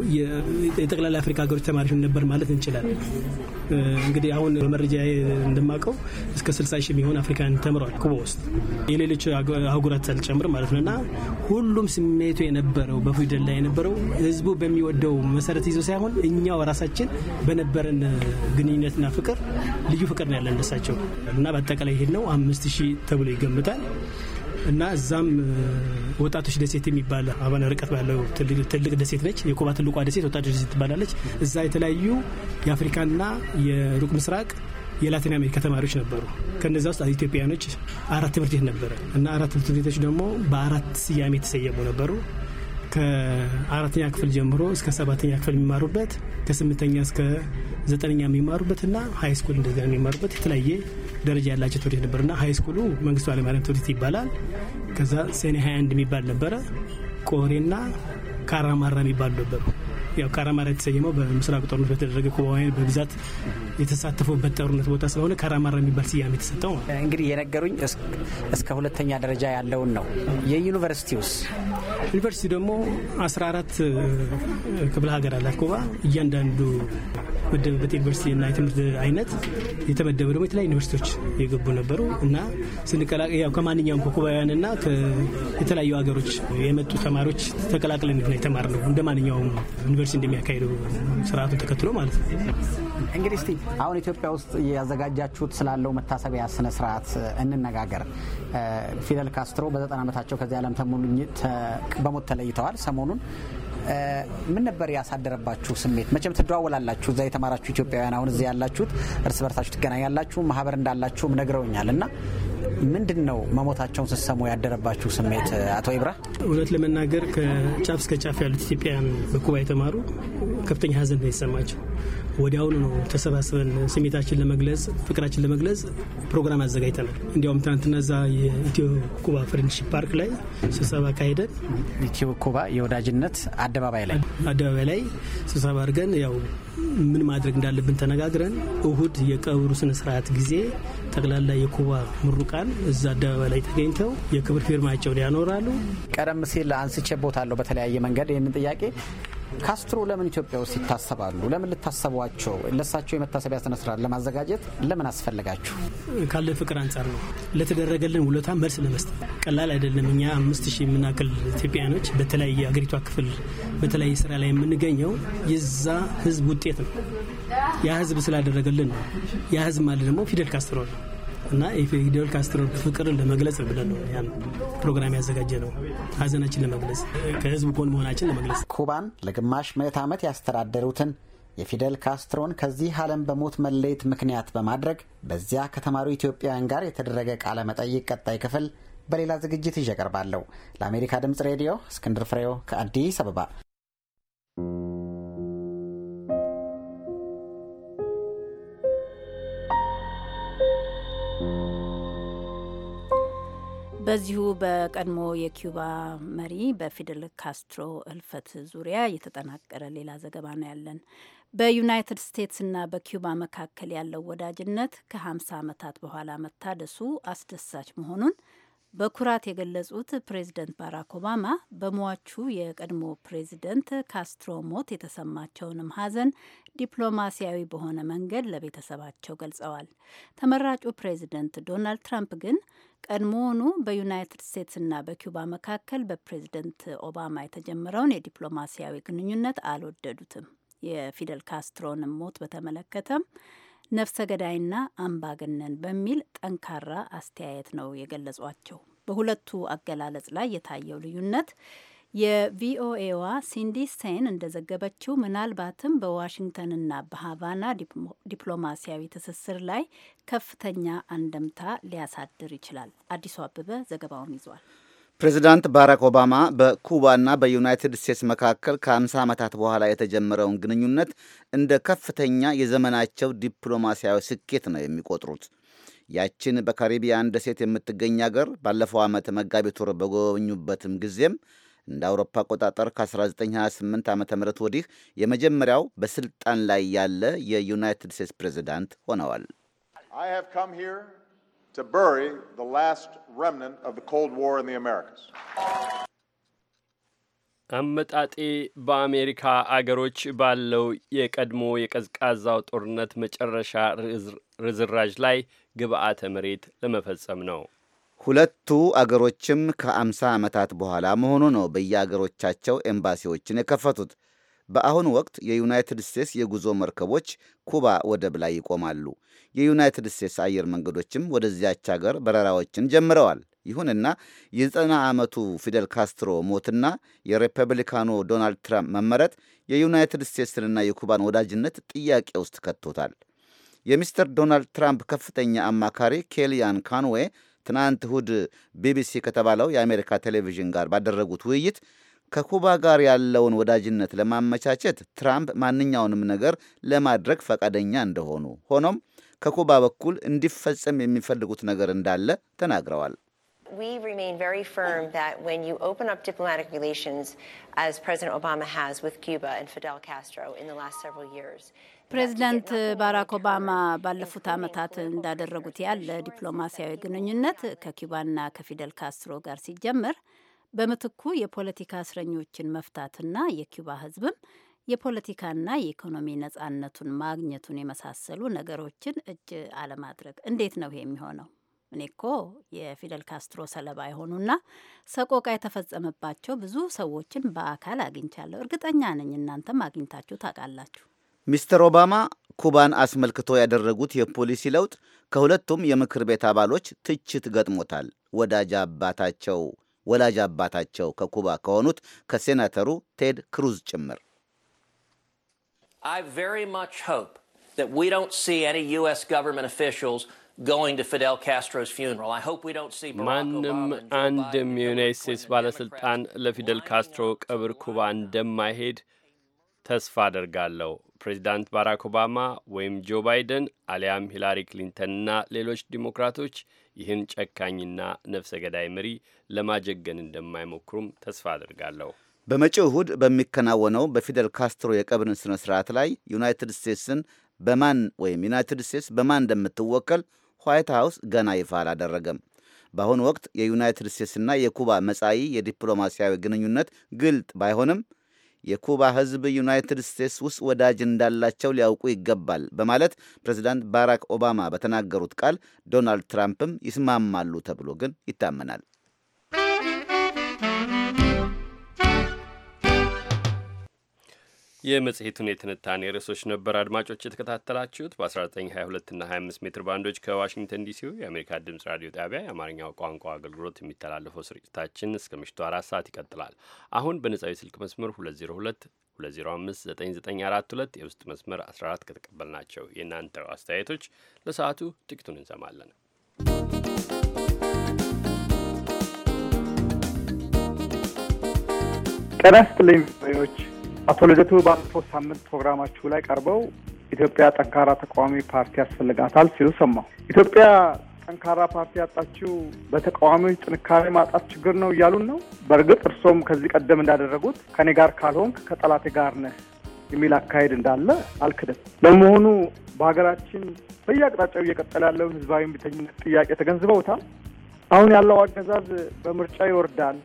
የጠቅላላ አፍሪካ ሀገሮች ተማሪዎች ነበር ማለት እንችላለን። እንግዲህ አሁን በመረጃ እንደማውቀው እስከ 60 ሺህ የሚሆን አፍሪካን ተምሯል ኩቦ ውስጥ የሌሎች አህጉራት ሳልጨምር ማለት ነው። እና ሁሉም ስሜቱ የነበረው በፊደል ላይ የነበረው ህዝቡ በሚወደው መሰረት ይዞ ሳይሆን እኛው ራሳችን በነበረን ግንኙነትና ፍቅር ልዩ ፍቅር ነው ያለን እንደሳቸው እና በአጠቃላይ ነው አምስት ሺህ ተብሎ ይገምታል እና እዛም ወጣቶች ደሴት የሚባል አባላ ርቀት ባለው ትልቅ ደሴት ነች። የኮባ ትልቋ ደሴት ወጣቶች ደሴት ትባላለች። እዛ የተለያዩ የአፍሪካና የሩቅ ምስራቅ የላቲን አሜሪካ ተማሪዎች ነበሩ። ከነዚ ውስጥ ኢትዮጵያኖች አራት ትምህርት ቤት ነበረ እና አራት ትምህርት ቤቶች ደግሞ በአራት ስያሜ የተሰየሙ ነበሩ። ከአራተኛ ክፍል ጀምሮ እስከ ሰባተኛ ክፍል የሚማሩበት ከስምንተኛ እስከ ዘጠነኛ የሚማሩበት እና ሀይ ስኩል እንደዚያ የሚማሩበት የተለያየ ደረጃ ያላቸው ትምህርት ቤት ነበርና ሀይ ስኩሉ መንግስቱ ኃይለማርያም ትምህርት ይባላል። ከዛ ሰኔ 21 የሚባል ነበረ። ቆሬና ካራማራ የሚባሉ ነበሩ። ያው ካራማራ የተሰየመው በምስራቅ ጦርነት በተደረገ ኩባውያን በብዛት የተሳተፉበት ጦርነት ቦታ ስለሆነ ካራማራ የሚባል ስያሜ የተሰጠው ነው። እንግዲህ የነገሩኝ እስከ ሁለተኛ ደረጃ ያለውን ነው። የዩኒቨርሲቲ ውስጥ ዩኒቨርሲቲ ደግሞ 14 ክፍለ ሀገር አላት ኩባ። እያንዳንዱ መደበበት ዩኒቨርሲቲ እና የትምህርት አይነት የተመደበ ደግሞ የተለያዩ ዩኒቨርሲቲዎች የገቡ ነበሩ እና ስንቀላቀ ያው ከማንኛውም ከኩባውያንና የተለያዩ ሀገሮች የመጡ ተማሪዎች ተቀላቅለን ነው የተማርነው እንደ ማንኛውም ዩኒቨርሲቲ እንደሚያካሄደው ስርዓቱን ተከትሎ ማለት ነው። እንግዲህ እስቲ አሁን ኢትዮጵያ ውስጥ ያዘጋጃችሁት ስላለው መታሰቢያ ስነ ስርዓት እንነጋገር። ፊደል ካስትሮ በዘጠና ዓመታቸው ከዚህ ዓለም በሞት ተለይተዋል ሰሞኑን ምን ነበር ያሳደረባችሁ ስሜት? መቼም ትደዋወላላችሁ እዛ የተማራችሁ ኢትዮጵያውያን፣ አሁን እዚህ ያላችሁት እርስ በርሳችሁ ትገናኛላችሁ፣ ማህበር እንዳላችሁም ነግረውኛል እና ምንድን ነው መሞታቸውን ስትሰሙ ያደረባችሁ ስሜት? አቶ ይብራ፣ እውነት ለመናገር ከጫፍ እስከ ጫፍ ያሉት ኢትዮጵያውያን በኩባ የተማሩ ከፍተኛ ሀዘን ነው የተሰማቸው። ወዲያውኑ ነው ተሰባስበን ስሜታችን ለመግለጽ ፍቅራችን ለመግለጽ ፕሮግራም አዘጋጅተናል። እንዲያውም ትናንትና እዛ የኢትዮ ኩባ ፍሬንድሺፕ ፓርክ ላይ ስብሰባ ካሄደን ኢትዮ ኩባ የወዳጅነት አደባባይ ላይ አደባባይ ላይ ስብሰባ አድርገን ያው ምን ማድረግ እንዳለብን ተነጋግረን እሁድ የቀብሩ ስነ ስርዓት ጊዜ ጠቅላላ የኩባ ምሩቃን እዛ አደባባይ ላይ ተገኝተው የክብር ፊርማቸውን ያኖራሉ። ቀደም ሲል አንስቼ ቦታለሁ በተለያየ መንገድ ይህንን ጥያቄ ካስትሮ ለምን ኢትዮጵያ ውስጥ ይታሰባሉ? ለምን ልታሰቧቸው? ለሳቸው የመታሰቢያ ስነስርዓት ለማዘጋጀት ለምን አስፈለጋችሁ? ካለ ፍቅር አንጻር ነው። ለተደረገልን ውለታ መልስ ለመስጠት ቀላል አይደለም። እኛ አምስት ሺህ የምናክል ኢትዮጵያውያኖች በተለያየ አገሪቷ ክፍል በተለያየ ስራ ላይ የምንገኘው የዛ ህዝብ ውጤት ነው። ያ ህዝብ ስላደረገልን ነው። ያ ህዝብ ማለት ደግሞ ፊደል ካስትሮ ነው። እና የፊደል ካስትሮን ፍቅርን ለመግለጽ ብለን ነው ያም ፕሮግራም ያዘጋጀ ነው። ሀዘናችን ለመግለጽ ከህዝብ ጎን መሆናችን ለመግለጽ ኩባን ለግማሽ ምዕት ዓመት ያስተዳደሩትን የፊደል ካስትሮን ከዚህ ዓለም በሞት መለየት ምክንያት በማድረግ በዚያ ከተማሩ ኢትዮጵያውያን ጋር የተደረገ ቃለ መጠይቅ ቀጣይ ክፍል በሌላ ዝግጅት ይዤ ለአሜሪካ ድምፅ ሬዲዮ እስክንድር ፍሬው ከአዲስ አበባ በዚሁ በቀድሞ የኪዩባ መሪ በፊደል ካስትሮ እልፈት ዙሪያ የተጠናቀረ ሌላ ዘገባ ነው ያለን። በዩናይትድ ስቴትስና በኪውባ መካከል ያለው ወዳጅነት ከ50 ዓመታት በኋላ መታደሱ አስደሳች መሆኑን በኩራት የገለጹት ፕሬዚደንት ባራክ ኦባማ በሟቹ የቀድሞ ፕሬዚደንት ካስትሮ ሞት የተሰማቸውንም ሐዘን ዲፕሎማሲያዊ በሆነ መንገድ ለቤተሰባቸው ገልጸዋል። ተመራጩ ፕሬዚደንት ዶናልድ ትራምፕ ግን ቀድሞውኑ በዩናይትድ ስቴትስና በኩባ መካከል በፕሬዝደንት ኦባማ የተጀመረውን የዲፕሎማሲያዊ ግንኙነት አልወደዱትም። የፊደል ካስትሮንም ሞት በተመለከተም ነፍሰ ገዳይና አምባገነን በሚል ጠንካራ አስተያየት ነው የገለጿቸው። በሁለቱ አገላለጽ ላይ የታየው ልዩነት የቪኦኤዋ ሲንዲ ሴን እንደዘገበችው ምናልባትም በዋሽንግተንና በሀቫና ዲፕሎማሲያዊ ትስስር ላይ ከፍተኛ አንደምታ ሊያሳድር ይችላል። አዲሱ አበበ ዘገባውን ይዟል። ፕሬዚዳንት ባራክ ኦባማ በኩባና በዩናይትድ ስቴትስ መካከል ከ50 ዓመታት በኋላ የተጀመረውን ግንኙነት እንደ ከፍተኛ የዘመናቸው ዲፕሎማሲያዊ ስኬት ነው የሚቆጥሩት። ያችን በካሪቢያን ደሴት የምትገኝ አገር ባለፈው ዓመት መጋቢት ወር በጎበኙበትም ጊዜም እንደ አውሮፓ አቆጣጠር ከ1928 ዓ ም ወዲህ የመጀመሪያው በስልጣን ላይ ያለ የዩናይትድ ስቴትስ ፕሬዝዳንት ሆነዋል። አመጣጤ በአሜሪካ አገሮች ባለው የቀድሞ የቀዝቃዛው ጦርነት መጨረሻ ርዝራዥ ላይ ግብአተ መሬት ለመፈጸም ነው። ሁለቱ አገሮችም ከአምሳ ዓመታት በኋላ መሆኑ ነው በየአገሮቻቸው ኤምባሲዎችን የከፈቱት። በአሁኑ ወቅት የዩናይትድ ስቴትስ የጉዞ መርከቦች ኩባ ወደብ ላይ ይቆማሉ። የዩናይትድ ስቴትስ አየር መንገዶችም ወደዚያች አገር በረራዎችን ጀምረዋል። ይሁንና የዘጠና ዓመቱ ፊደል ካስትሮ ሞትና የሪፐብሊካኑ ዶናልድ ትራምፕ መመረጥ የዩናይትድ ስቴትስንና የኩባን ወዳጅነት ጥያቄ ውስጥ ከቶታል። የሚስተር ዶናልድ ትራምፕ ከፍተኛ አማካሪ ኬልያን ካንዌ ትናንት እሁድ ቢቢሲ ከተባለው የአሜሪካ ቴሌቪዥን ጋር ባደረጉት ውይይት ከኩባ ጋር ያለውን ወዳጅነት ለማመቻቸት ትራምፕ ማንኛውንም ነገር ለማድረግ ፈቃደኛ እንደሆኑ፣ ሆኖም ከኩባ በኩል እንዲፈጸም የሚፈልጉት ነገር እንዳለ ተናግረዋል። we remain very firm that when you open up diplomatic relations, as President Obama has with Cuba and Fidel Castro in the last several years, ፕሬዚዳንት ባራክ ኦባማ ባለፉት ዓመታት እንዳደረጉት ያለ ዲፕሎማሲያዊ ግንኙነት ከኪባና ከፊደል ካስትሮ ጋር ሲጀምር በምትኩ የፖለቲካ እስረኞችን መፍታትና የኪባ ሕዝብም የፖለቲካና የኢኮኖሚ ነጻነቱን ማግኘቱን የመሳሰሉ ነገሮችን እጅ አለማድረግ እንዴት ነው ይሄ የሚሆነው? እኔ እኮ የፊደል ካስትሮ ሰለባ የሆኑና ሰቆቃ የተፈጸመባቸው ብዙ ሰዎችን በአካል አግኝቻለሁ። እርግጠኛ ነኝ እናንተም አግኝታችሁ ታውቃላችሁ። ሚስተር ኦባማ ኩባን አስመልክቶ ያደረጉት የፖሊሲ ለውጥ ከሁለቱም የምክር ቤት አባሎች ትችት ገጥሞታል። ወዳጅ አባታቸው ወላጅ አባታቸው ከኩባ ከሆኑት ከሴናተሩ ቴድ ክሩዝ ጭምር ማንም አንድም የዩናይት ስቴትስ ባለሥልጣን ለፊደል ካስትሮ ቀብር ኩባ እንደማይሄድ ተስፋ አደርጋለሁ። ፕሬዚዳንት ባራክ ኦባማ ወይም ጆ ባይደን አሊያም ሂላሪ ክሊንተንና ሌሎች ዲሞክራቶች ይህን ጨካኝና ነፍሰ ገዳይ መሪ ለማጀገን እንደማይሞክሩም ተስፋ አድርጋለሁ። በመጪው እሁድ በሚከናወነው በፊደል ካስትሮ የቀብር ስነ ስርዓት ላይ ዩናይትድ ስቴትስን በማን ወይም ዩናይትድ ስቴትስ በማን እንደምትወከል ዋይት ሀውስ ገና ይፋ አላደረገም። በአሁኑ ወቅት የዩናይትድ ስቴትስና የኩባ መጻኢ የዲፕሎማሲያዊ ግንኙነት ግልጥ ባይሆንም የኩባ ሕዝብ ዩናይትድ ስቴትስ ውስጥ ወዳጅ እንዳላቸው ሊያውቁ ይገባል በማለት ፕሬዚዳንት ባራክ ኦባማ በተናገሩት ቃል ዶናልድ ትራምፕም ይስማማሉ ተብሎ ግን ይታመናል። የመጽሔቱን የትንታኔ ርዕሶች ነበር አድማጮች የተከታተላችሁት። በ1922 እና 25 ሜትር ባንዶች ከዋሽንግተን ዲሲው የአሜሪካ ድምፅ ራዲዮ ጣቢያ የአማርኛው ቋንቋ አገልግሎት የሚተላለፈው ስርጭታችን እስከ ምሽቱ አራት ሰዓት ይቀጥላል። አሁን በነጻዊ ስልክ መስመር 202 2059942 የውስጥ መስመር 14 ናቸው የእናንተ አስተያየቶች ለሰዓቱ ጥቂቱን እንሰማለን። ቀረስት ሌቪዎች አቶ ልደቱ ባለፈው ሳምንት ፕሮግራማችሁ ላይ ቀርበው ኢትዮጵያ ጠንካራ ተቃዋሚ ፓርቲ ያስፈልጋታል ሲሉ ሰማሁ። ኢትዮጵያ ጠንካራ ፓርቲ ያጣችው በተቃዋሚዎች ጥንካሬ ማጣት ችግር ነው እያሉን ነው። በእርግጥ እርሶም ከዚህ ቀደም እንዳደረጉት ከኔ ጋር ካልሆንክ ከጠላቴ ጋር ነህ የሚል አካሄድ እንዳለ አልክደም። ለመሆኑ በሀገራችን በየአቅጣጫው እየቀጠለ ያለውን ህዝባዊ እምቢተኝነት ጥያቄ ተገንዝበውታል? አሁን ያለው አገዛዝ በምርጫ ይወርዳል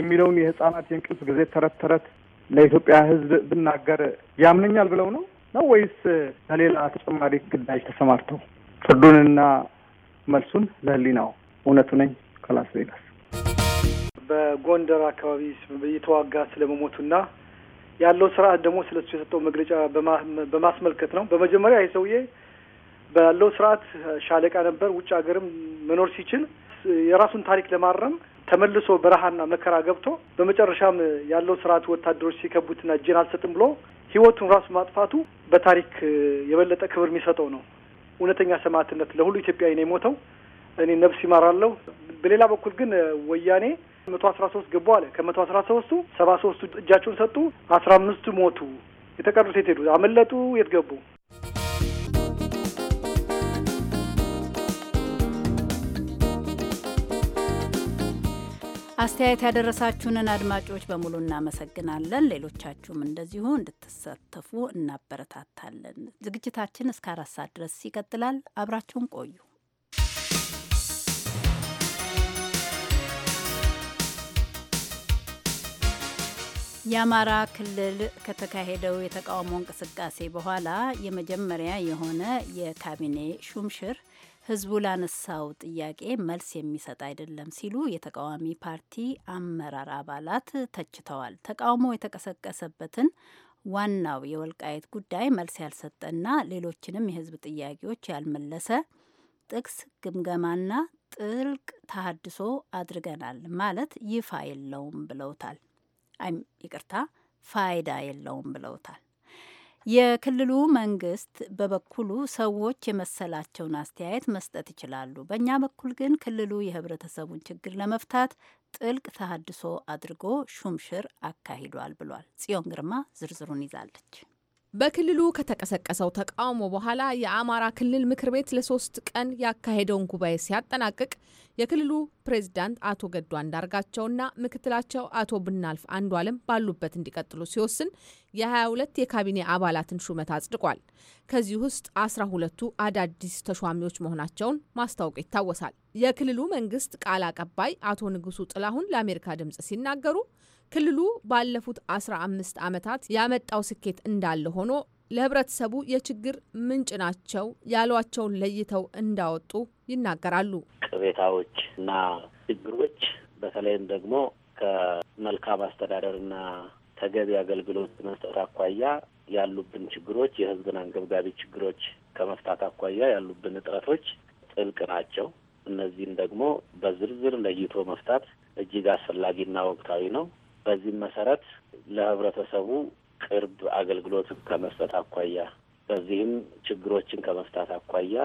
የሚለውን የህጻናት የእንቅልፍ ጊዜ ተረት ተረት ለኢትዮጵያ ሕዝብ ብናገር ያምነኛል ብለው ነው ነው ወይስ ለሌላ ተጨማሪ ግዳጅ ተሰማርተው? ፍርዱንና መልሱን ለህሊናው። እውነቱ ነኝ ከላስ ቬጋስ በጎንደር አካባቢ እየተዋጋ ስለመሞቱና ያለው ስርዓት ደግሞ ስለ እሱ የሰጠው መግለጫ በማስመልከት ነው። በመጀመሪያ ይህ ሰውዬ ባለው ስርዓት ሻለቃ ነበር። ውጭ ሀገርም መኖር ሲችል የራሱን ታሪክ ለማረም ተመልሶ በረሃና መከራ ገብቶ በመጨረሻም ያለው ስርዓት ወታደሮች ሲከቡትና እጄን አልሰጥም ብሎ ህይወቱን ራሱ ማጥፋቱ በታሪክ የበለጠ ክብር የሚሰጠው ነው። እውነተኛ ሰማዕትነት ለሁሉ ኢትዮጵያዊ ነው የሞተው። እኔ ነብስ ይማራለሁ። በሌላ በኩል ግን ወያኔ መቶ አስራ ሶስት ገቡ አለ። ከመቶ አስራ ሶስቱ ሰባ ሶስቱ እጃቸውን ሰጡ፣ አስራ አምስቱ ሞቱ። የተቀሩት የት ሄዱ? አመለጡ? የት ገቡ? አስተያየት ያደረሳችሁንን አድማጮች በሙሉ እናመሰግናለን። ሌሎቻችሁም እንደዚሁ እንድትሳተፉ እናበረታታለን። ዝግጅታችን እስከ አራት ሰዓት ድረስ ይቀጥላል። አብራችሁን ቆዩ። የአማራ ክልል ከተካሄደው የተቃውሞ እንቅስቃሴ በኋላ የመጀመሪያ የሆነ የካቢኔ ሹምሽር ህዝቡ ላነሳው ጥያቄ መልስ የሚሰጥ አይደለም ሲሉ የተቃዋሚ ፓርቲ አመራር አባላት ተችተዋል። ተቃውሞ የተቀሰቀሰበትን ዋናው የወልቃየት ጉዳይ መልስ ያልሰጠና ሌሎችንም የህዝብ ጥያቄዎች ያልመለሰ ጥቅስ ግምገማና ጥልቅ ተሀድሶ አድርገናል ማለት ይፋ የለውም ብለውታል። ይቅርታ ፋይዳ የለውም ብለውታል። የክልሉ መንግስት በበኩሉ ሰዎች የመሰላቸውን አስተያየት መስጠት ይችላሉ። በእኛ በኩል ግን ክልሉ የህብረተሰቡን ችግር ለመፍታት ጥልቅ ተሃድሶ አድርጎ ሹምሽር አካሂዷል ብሏል። ጽዮን ግርማ ዝርዝሩን ይዛለች። በክልሉ ከተቀሰቀሰው ተቃውሞ በኋላ የአማራ ክልል ምክር ቤት ለሶስት ቀን ያካሄደውን ጉባኤ ሲያጠናቅቅ የክልሉ ፕሬዚዳንት አቶ ገዱ አንዳርጋቸውና ምክትላቸው አቶ ብናልፍ አንዱ አለም ባሉበት እንዲቀጥሉ ሲወስን የ22 የካቢኔ አባላትን ሹመት አጽድቋል። ከዚህ ውስጥ 12 ሁለቱ አዳዲስ ተሿሚዎች መሆናቸውን ማስታወቅ ይታወሳል። የክልሉ መንግስት ቃል አቀባይ አቶ ንጉሱ ጥላሁን ለአሜሪካ ድምጽ ሲናገሩ ክልሉ ባለፉት 15 ዓመታት ያመጣው ስኬት እንዳለ ሆኖ ለህብረተሰቡ የችግር ምንጭ ናቸው ያሏቸውን ለይተው እንዳወጡ ይናገራሉ። ቅሬታዎች እና ችግሮች በተለይም ደግሞ ከመልካም አስተዳደርና ተገቢ አገልግሎት መስጠት አኳያ ያሉብን ችግሮች የህዝብን አንገብጋቢ ችግሮች ከመፍታት አኳያ ያሉብን እጥረቶች ጥልቅ ናቸው። እነዚህም ደግሞ በዝርዝር ለይቶ መፍታት እጅግ አስፈላጊና ወቅታዊ ነው። በዚህም መሰረት ለህብረተሰቡ ቅርብ አገልግሎት ከመስጠት አኳያ በዚህም ችግሮችን ከመፍታት አኳያ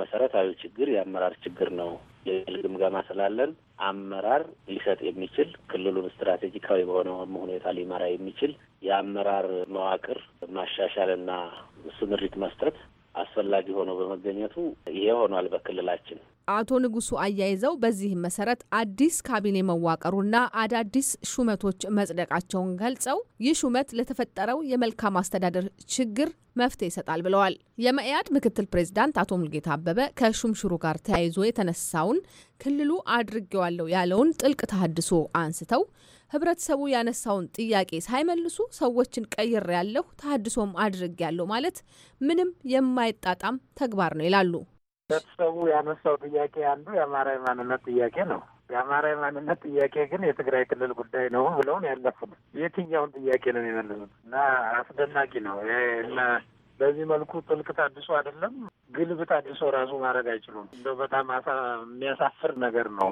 መሰረታዊ ችግር የአመራር ችግር ነው የሚል ግምገማ ስላለን አመራር ሊሰጥ የሚችል ክልሉን ስትራቴጂካዊ በሆነ ሁኔታ ሊመራ የሚችል የአመራር መዋቅር ማሻሻልና ስምሪት መስጠት አስፈላጊ ሆኖ በመገኘቱ ይሄ ሆኗል። በክልላችን አቶ ንጉሱ አያይዘው በዚህ መሰረት አዲስ ካቢኔ መዋቀሩና አዳዲስ ሹመቶች መጽደቃቸውን ገልጸው ይህ ሹመት ለተፈጠረው የመልካም አስተዳደር ችግር መፍትሄ ይሰጣል ብለዋል። የመኢአድ ምክትል ፕሬዚዳንት አቶ ሙልጌታ አበበ ከሹምሽሩ ጋር ተያይዞ የተነሳውን ክልሉ አድርጌዋለሁ ያለውን ጥልቅ ተሃድሶ አንስተው ህብረተሰቡ ያነሳውን ጥያቄ ሳይመልሱ ሰዎችን ቀይር ያለሁ ተሃድሶም አድርጌ ያለሁ ማለት ምንም የማይጣጣም ተግባር ነው ይላሉ። ህብረተሰቡ ያነሳው ጥያቄ አንዱ የአማራ የማንነት ጥያቄ ነው። የአማራ የማንነት ጥያቄ ግን የትግራይ ክልል ጉዳይ ነው ብለውን ያለፉት የትኛውን ጥያቄ ነው የሚመልሱት? እና አስደናቂ ነው። በዚህ መልኩ ጥልቅ ታድሶ አይደለም ግልብ ታድሶ ራሱ ማድረግ አይችሉም። እንደው በጣም የሚያሳፍር ነገር ነው።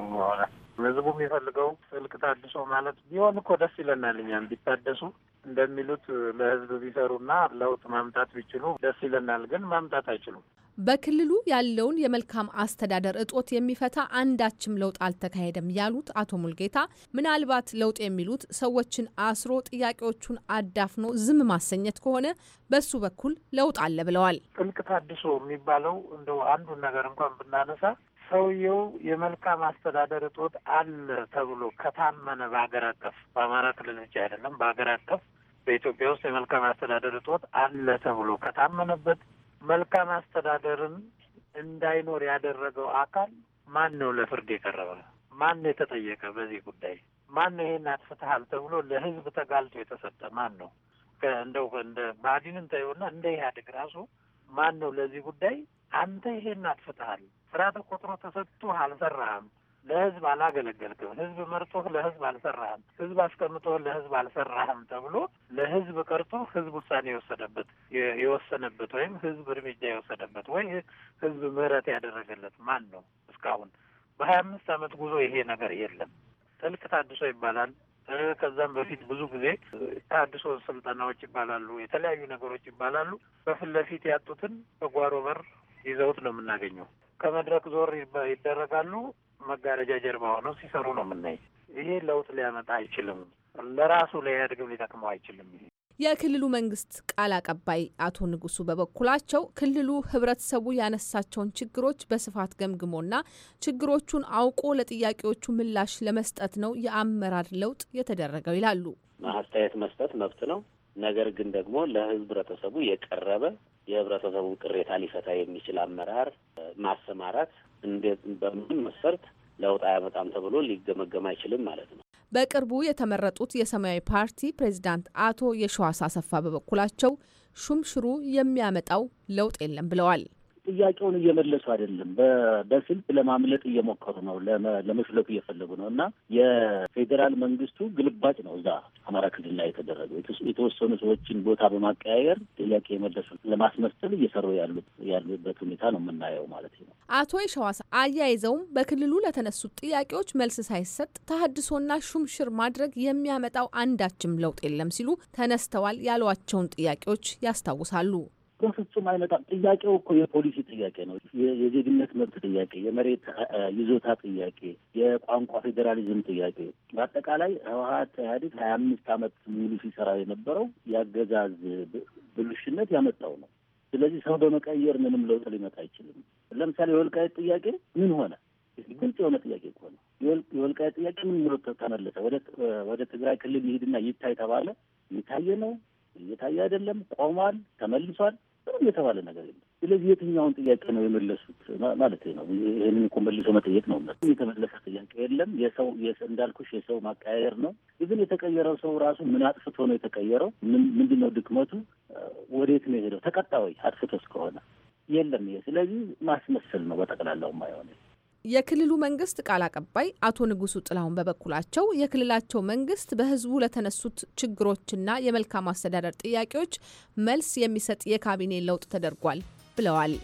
ህዝቡ የሚፈልገው ጥልቅ ታድሶ ማለት ቢሆን እኮ ደስ ይለናል። እኛም ቢታደሱ እንደሚሉት ለህዝብ ቢሰሩና ለውጥ ማምጣት ቢችሉ ደስ ይለናል። ግን ማምጣት አይችሉም። በክልሉ ያለውን የመልካም አስተዳደር እጦት የሚፈታ አንዳችም ለውጥ አልተካሄደም ያሉት አቶ ሙልጌታ ምናልባት ለውጥ የሚሉት ሰዎችን አስሮ ጥያቄዎቹን አዳፍኖ ዝም ማሰኘት ከሆነ በሱ በኩል ለውጥ አለ ብለዋል። ጥልቅ ታድሶ የሚባለው እንደው አንዱን ነገር እንኳን ብናነሳ ሰውየው የመልካም አስተዳደር እጦት አለ ተብሎ ከታመነ በሀገር አቀፍ በአማራ ክልል ብቻ አይደለም፣ በሀገር አቀፍ በኢትዮጵያ ውስጥ የመልካም አስተዳደር እጦት አለ ተብሎ ከታመነበት መልካም አስተዳደርን እንዳይኖር ያደረገው አካል ማን ነው? ለፍርድ የቀረበ ማን ነው? የተጠየቀ በዚህ ጉዳይ ማን ነው? ይሄን አጥፍተሃል ተብሎ ለህዝብ ተጋልጦ የተሰጠ ማን ነው? እንደው እንደ ብአዴንን ተይውና እንደ ኢህአዴግ ራሱ ማን ነው ለዚህ ጉዳይ አንተ ይሄን አጥፍተሃል፣ ስራ ተቆጥሮ ተሰጥቶ አልሰራህም፣ ለህዝብ አላገለገልክም፣ ህዝብ መርጦህ ለህዝብ አልሰራህም፣ ህዝብ አስቀምጦህ ለህዝብ አልሰራህም ተብሎ ለህዝብ ቀርቶ ህዝብ ውሳኔ የወሰደበት የወሰነበት ወይም ህዝብ እርምጃ የወሰደበት ወይ ህዝብ ምህረት ያደረገለት ማን ነው? እስካሁን በሀያ አምስት አመት ጉዞ ይሄ ነገር የለም። ጥልቅ ታድሶ ይባላል። ከዛም በፊት ብዙ ጊዜ ታድሶ ስልጠናዎች ይባላሉ፣ የተለያዩ ነገሮች ይባላሉ። በፊት ለፊት ያጡትን በጓሮ በር ይዘውት ነው የምናገኘው። ከመድረክ ዞር ይደረጋሉ። መጋረጃ ጀርባ ሆነው ሲሰሩ ነው የምናይ። ይሄ ለውጥ ሊያመጣ አይችልም። ለራሱ ለኢህአዴግም ሊጠቅመው አይችልም። የክልሉ መንግስት ቃል አቀባይ አቶ ንጉሱ በበኩላቸው ክልሉ ህብረተሰቡ ያነሳቸውን ችግሮች በስፋት ገምግሞና ችግሮቹን አውቆ ለጥያቄዎቹ ምላሽ ለመስጠት ነው የአመራር ለውጥ የተደረገው ይላሉ። አስተያየት መስጠት መብት ነው። ነገር ግን ደግሞ ለህብረተሰቡ የቀረበ የህብረተሰቡን ቅሬታ ሊፈታ የሚችል አመራር ማሰማራት እንዴት በምን መሰርት ለውጥ አያመጣም ተብሎ ሊገመገም አይችልም ማለት ነው። በቅርቡ የተመረጡት የሰማያዊ ፓርቲ ፕሬዚዳንት አቶ የሸዋስ አሰፋ በበኩላቸው ሹምሽሩ የሚያመጣው ለውጥ የለም ብለዋል። ጥያቄውን እየመለሱ አይደለም። በስልት ለማምለጥ እየሞከሩ ነው፣ ለመሽለቱ እየፈለጉ ነው። እና የፌዴራል መንግስቱ ግልባጭ ነው እዛ አማራ ክልል ላይ የተደረገው የተወሰኑ ሰዎችን ቦታ በማቀያየር ጥያቄ የመለሱ ለማስመሰል እየሰሩ ያሉት ያሉበት ሁኔታ ነው የምናየው ማለት ነው። አቶ የሸዋስ አያይዘውም በክልሉ ለተነሱት ጥያቄዎች መልስ ሳይሰጥ ተሀድሶና ሹምሽር ማድረግ የሚያመጣው አንዳችም ለውጥ የለም ሲሉ ተነስተዋል ያሏቸውን ጥያቄዎች ያስታውሳሉ። በፍጹም አይመጣም። ጥያቄው እኮ የፖሊሲ ጥያቄ ነው። የዜግነት መብት ጥያቄ፣ የመሬት ይዞታ ጥያቄ፣ የቋንቋ ፌዴራሊዝም ጥያቄ፣ በአጠቃላይ ህወሀት ኢህአዴግ ሀያ አምስት አመት ሙሉ ሲሰራ የነበረው የአገዛዝ ብልሽነት ያመጣው ነው። ስለዚህ ሰው በመቀየር ምንም ለውጥ ሊመጣ አይችልም። ለምሳሌ የወልቃየት ጥያቄ ምን ሆነ? ግልጽ የሆነ ጥያቄ እኮ ነው። የወልቃየት ጥያቄ ምን ብሎ ተመለሰ? ወደ ትግራይ ክልል ይሄድና ይታይ ተባለ። የታየ ነው እየታየ አይደለም? ቆሟል? ተመልሷል? ምንም የተባለ ነገር የለም። ስለዚህ የትኛውን ጥያቄ ነው የመለሱት ማለት ነው? ይህንን እኮ መልሶ መጠየቅ ነው። የተመለሰ ጥያቄ የለም። የሰው እንዳልኩሽ የሰው ማቀያየር ነው። ግን የተቀየረው ሰው ራሱ ምን አጥፍቶ ነው የተቀየረው? ምንድን ነው ድክመቱ? ወዴት ነው የሄደው? ተቀጣ ወይ አጥፍቶ እስከሆነ የለም። ይሄ ስለዚህ ማስመሰል ነው በጠቅላላው ማይሆነ የክልሉ መንግስት ቃል አቀባይ አቶ ንጉሱ ጥላሁን በበኩላቸው የክልላቸው መንግስት በህዝቡ ለተነሱት ችግሮችና የመልካም አስተዳደር ጥያቄዎች መልስ የሚሰጥ የካቢኔ ለውጥ ተደርጓል ብለዋል።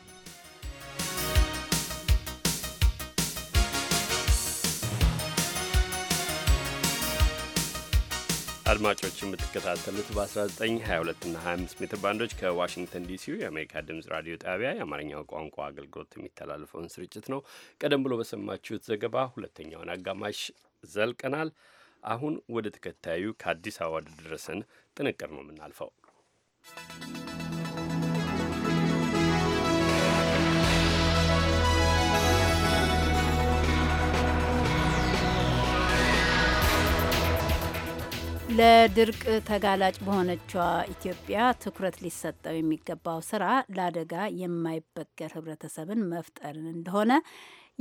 አድማጮች የምትከታተሉት በ1922 እና 25 ሜትር ባንዶች ከዋሽንግተን ዲሲ የአሜሪካ ድምፅ ራዲዮ ጣቢያ የአማርኛው ቋንቋ አገልግሎት የሚተላለፈውን ስርጭት ነው። ቀደም ብሎ በሰማችሁት ዘገባ ሁለተኛውን አጋማሽ ዘልቀናል። አሁን ወደ ተከታዩ ከአዲስ አበባ ደረሰን ጥንቅር ነው የምናልፈው። ለድርቅ ተጋላጭ በሆነችዋ ኢትዮጵያ ትኩረት ሊሰጠው የሚገባው ስራ ለአደጋ የማይበገር ህብረተሰብን መፍጠር እንደሆነ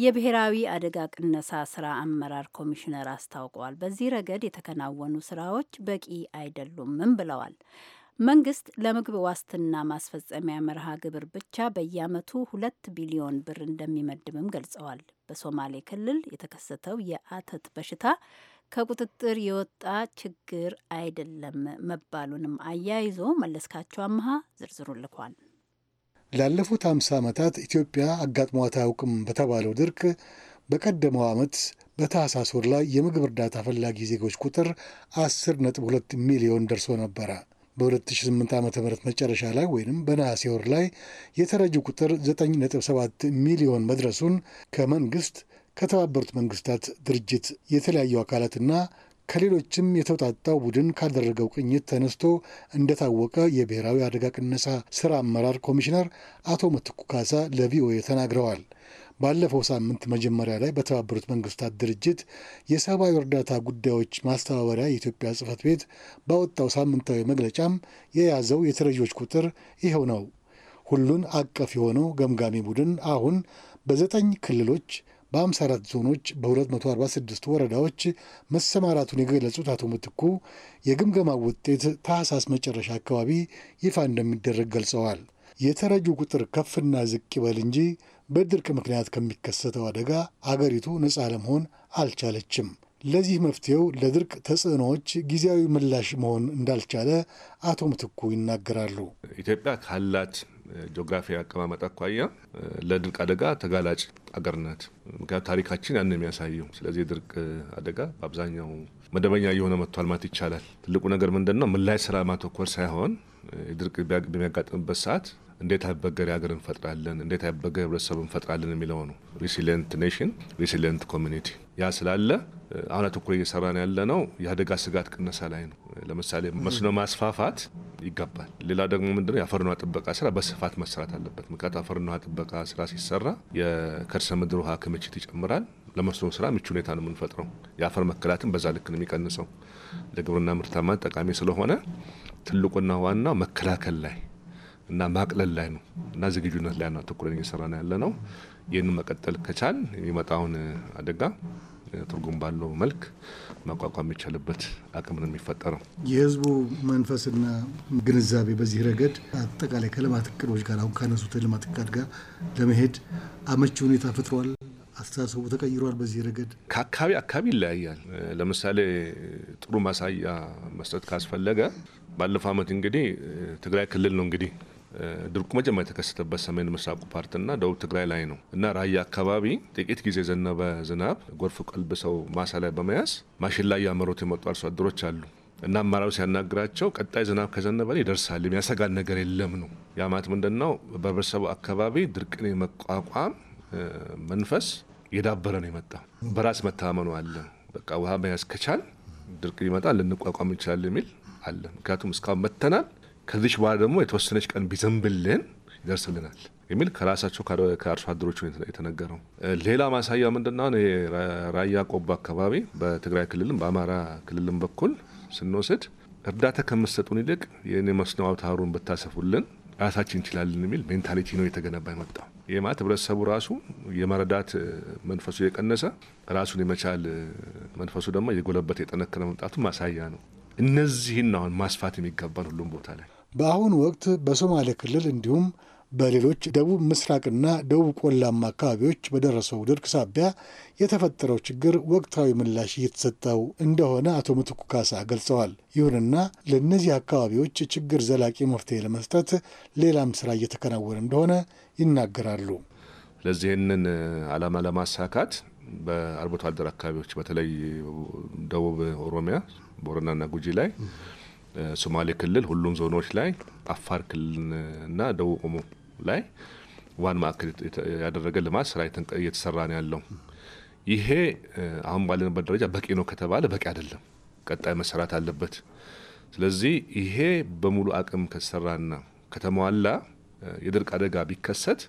የብሔራዊ አደጋ ቅነሳ ስራ አመራር ኮሚሽነር አስታውቀዋል። በዚህ ረገድ የተከናወኑ ስራዎች በቂ አይደሉምም ብለዋል። መንግስት ለምግብ ዋስትና ማስፈጸሚያ መርሃ ግብር ብቻ በየአመቱ ሁለት ቢሊዮን ብር እንደሚመድብም ገልጸዋል። በሶማሌ ክልል የተከሰተው የአተት በሽታ ከቁጥጥር የወጣ ችግር አይደለም መባሉንም አያይዞ መለስካቸው አምሃ ዝርዝሩ ልኳል። ላለፉት አምሳ ዓመታት ኢትዮጵያ አጋጥሟት አያውቅም በተባለው ድርቅ በቀደመው ዓመት በታህሳስ ወር ላይ የምግብ እርዳታ ፈላጊ ዜጎች ቁጥር 10.2 ሚሊዮን ደርሶ ነበረ። በ2008 ዓ ም መጨረሻ ላይ ወይም በነሐሴ ወር ላይ የተረጂ ቁጥር 9.7 ሚሊዮን መድረሱን ከመንግሥት ከተባበሩት መንግስታት ድርጅት የተለያዩ አካላትና ከሌሎችም የተውጣጣው ቡድን ካደረገው ቅኝት ተነስቶ እንደታወቀ የብሔራዊ አደጋ ቅነሳ ስራ አመራር ኮሚሽነር አቶ መትኩ ካሳ ለቪኦኤ ተናግረዋል። ባለፈው ሳምንት መጀመሪያ ላይ በተባበሩት መንግስታት ድርጅት የሰብአዊ እርዳታ ጉዳዮች ማስተባበሪያ የኢትዮጵያ ጽህፈት ቤት ባወጣው ሳምንታዊ መግለጫም የያዘው የተረጂዎች ቁጥር ይኸው ነው። ሁሉን አቀፍ የሆነው ገምጋሚ ቡድን አሁን በዘጠኝ ክልሎች በ54 ዞኖች በ246 ወረዳዎች መሰማራቱን የገለጹት አቶ ምትኩ የግምገማ ውጤት ታህሳስ መጨረሻ አካባቢ ይፋ እንደሚደረግ ገልጸዋል። የተረጁ ቁጥር ከፍና ዝቅ ይበል እንጂ በድርቅ ምክንያት ከሚከሰተው አደጋ አገሪቱ ነጻ ለመሆን አልቻለችም። ለዚህ መፍትሄው ለድርቅ ተጽዕኖዎች ጊዜያዊ ምላሽ መሆን እንዳልቻለ አቶ ምትኩ ይናገራሉ። ኢትዮጵያ ካላት ጂኦግራፊ አቀማመጥ አኳያ ለድርቅ አደጋ ተጋላጭ አገር ናት። ምክንያቱ ታሪካችን ያን የሚያሳየው። ስለዚህ የድርቅ አደጋ በአብዛኛው መደበኛ እየሆነ መጥቷል ማለት ይቻላል። ትልቁ ነገር ምንድን ነው? ምላሽ ስራ ማተኮር ሳይሆን የድርቅ በሚያጋጥምበት ሰዓት እንዴት አይበገር ሀገር እንፈጥራለን፣ እንዴት አይበገር ህብረተሰብ እንፈጥራለን የሚለው ነው። ሪሲሊንት ኔሽን፣ ሪሲሊንት ኮሚኒቲ። ያ ስላለ አሁን አትኩሮ እየሰራን ያለ ነው የአደጋ ስጋት ቅነሳ ላይ ነው። ለምሳሌ መስኖ ማስፋፋት ይገባል። ሌላ ደግሞ ምንድነው የአፈርና ጥበቃ ስራ በስፋት መሰራት አለበት። ምክንያቱ አፈርና ጥበቃ ስራ ሲሰራ የከርሰ ምድር ውሃ ክምችት ይጨምራል። ለመስኖ ስራ ምቹ ሁኔታ ነው የምንፈጥረው። የአፈር መከላትን በዛ ልክ ነው የሚቀንሰው። ለግብርና ምርታማን ጠቃሚ ስለሆነ ትልቁና ዋናው መከላከል ላይ እና ማቅለል ላይ ነው እና ዝግጁነት ላይ ነው እየሰራ ነው ያለ ነው። ይህን መቀጠል ከቻል የሚመጣውን አደጋ ትርጉም ባለው መልክ መቋቋም የሚቻልበት አቅም ነው የሚፈጠረው። የህዝቡ መንፈስና ግንዛቤ በዚህ ረገድ አጠቃላይ ከልማት እቅዶች ጋር አሁን ካነሱት ልማት እቅድ ጋር ለመሄድ አመቺ ሁኔታ ፈጥሯል። አስተሳሰቡ ተቀይሯል። በዚህ ረገድ ከአካባቢ አካባቢ ይለያያል። ለምሳሌ ጥሩ ማሳያ መስጠት ካስፈለገ ባለፈው ዓመት እንግዲህ ትግራይ ክልል ነው እንግዲህ ድርቁ መጀመሪያ የተከሰተበት ሰሜን ምስራቁ ፓርትና ደቡብ ትግራይ ላይ ነው እና ራያ አካባቢ ጥቂት ጊዜ የዘነበ ዝናብ ጎርፍ ቀልብሰው ማሳ ላይ በመያዝ ማሽን ላይ ያመሩት የመጡ አርሶ አደሮች አሉ እና አመራሩ ሲያናግራቸው ቀጣይ ዝናብ ከዘነበ ይደርሳል የሚያሰጋን ነገር የለም ነው። የአማት ማለት ምንድን ነው? በህብረተሰቡ አካባቢ ድርቅን የመቋቋም መንፈስ እየዳበረ ነው የመጣ በራስ መተማመኑ አለ። በቃ ውሃ መያዝ ከቻል ድርቅ ይመጣል ልንቋቋም ይችላል የሚል አለ። ምክንያቱም እስካሁን መተናል ከዚች በኋላ ደግሞ የተወሰነች ቀን ቢዘንብልን ይደርስልናል የሚል ከራሳቸው ከአርሶ አደሮቹ የተነገረው። ሌላ ማሳያ ምንድነው? ራያ ቆቦ አካባቢ በትግራይ ክልልም በአማራ ክልልም በኩል ስንወስድ እርዳታ ከምሰጡን ይልቅ የኔ መስኖ አውታሩን ብታሰፉልን ራሳችን እንችላለን የሚል ሜንታሊቲ ነው የተገነባ የመጣው። ይህ ማለት ህብረተሰቡ ራሱ የመረዳት መንፈሱ የቀነሰ ራሱን የመቻል መንፈሱ ደግሞ የጎለበት የጠነከረ መምጣቱ ማሳያ ነው። እነዚህን አሁን ማስፋት የሚገባን ሁሉም ቦታ ላይ በአሁኑ ወቅት በሶማሌ ክልል እንዲሁም በሌሎች ደቡብ ምስራቅና ደቡብ ቆላማ አካባቢዎች በደረሰው ድርቅ ሳቢያ የተፈጠረው ችግር ወቅታዊ ምላሽ እየተሰጠው እንደሆነ አቶ ምትኩ ካሳ ገልጸዋል። ይሁንና ለእነዚህ አካባቢዎች ችግር ዘላቂ መፍትሄ ለመስጠት ሌላም ስራ እየተከናወነ እንደሆነ ይናገራሉ። ለዚህንን ዓላማ ለማሳካት በአርብቶ አደር አካባቢዎች በተለይ ደቡብ ኦሮሚያ ቦረናና ጉጂ ላይ፣ ሶማሌ ክልል ሁሉም ዞኖች ላይ፣ አፋር ክልልና ደቡብ ኦሞ ላይ ዋን ማዕከል ያደረገ ልማት ስራ እየተሰራ ነው ያለው። ይሄ አሁን ባለንበት ደረጃ በቂ ነው ከተባለ በቂ አይደለም፣ ቀጣይ መሰራት አለበት። ስለዚህ ይሄ በሙሉ አቅም ከተሰራና ከተሟላ የድርቅ አደጋ ቢከሰት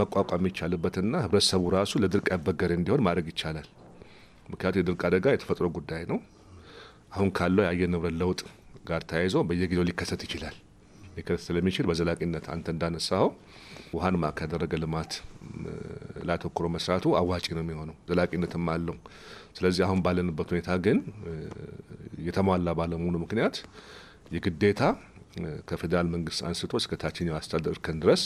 መቋቋም ይቻልበትና ህብረተሰቡ ራሱ ለድርቅ ያበገረ እንዲሆን ማድረግ ይቻላል። ምክንያቱም የድርቅ አደጋ የተፈጥሮ ጉዳይ ነው። አሁን ካለው የአየር ንብረት ለውጥ ጋር ተያይዞ በየጊዜው ሊከሰት ይችላል። ሊከሰት ስለሚችል በዘላቂነት አንተ እንዳነሳኸው ውሃን ማዕከል ያደረገ ልማት ላተኩሮ መስራቱ አዋጭ ነው የሚሆነው፣ ዘላቂነትም አለው። ስለዚህ አሁን ባለንበት ሁኔታ ግን የተሟላ ባለመሆኑ ምክንያት የግዴታ ከፌዴራል መንግስት አንስቶ እስከ ታችኛው አስተዳደር እርከን ድረስ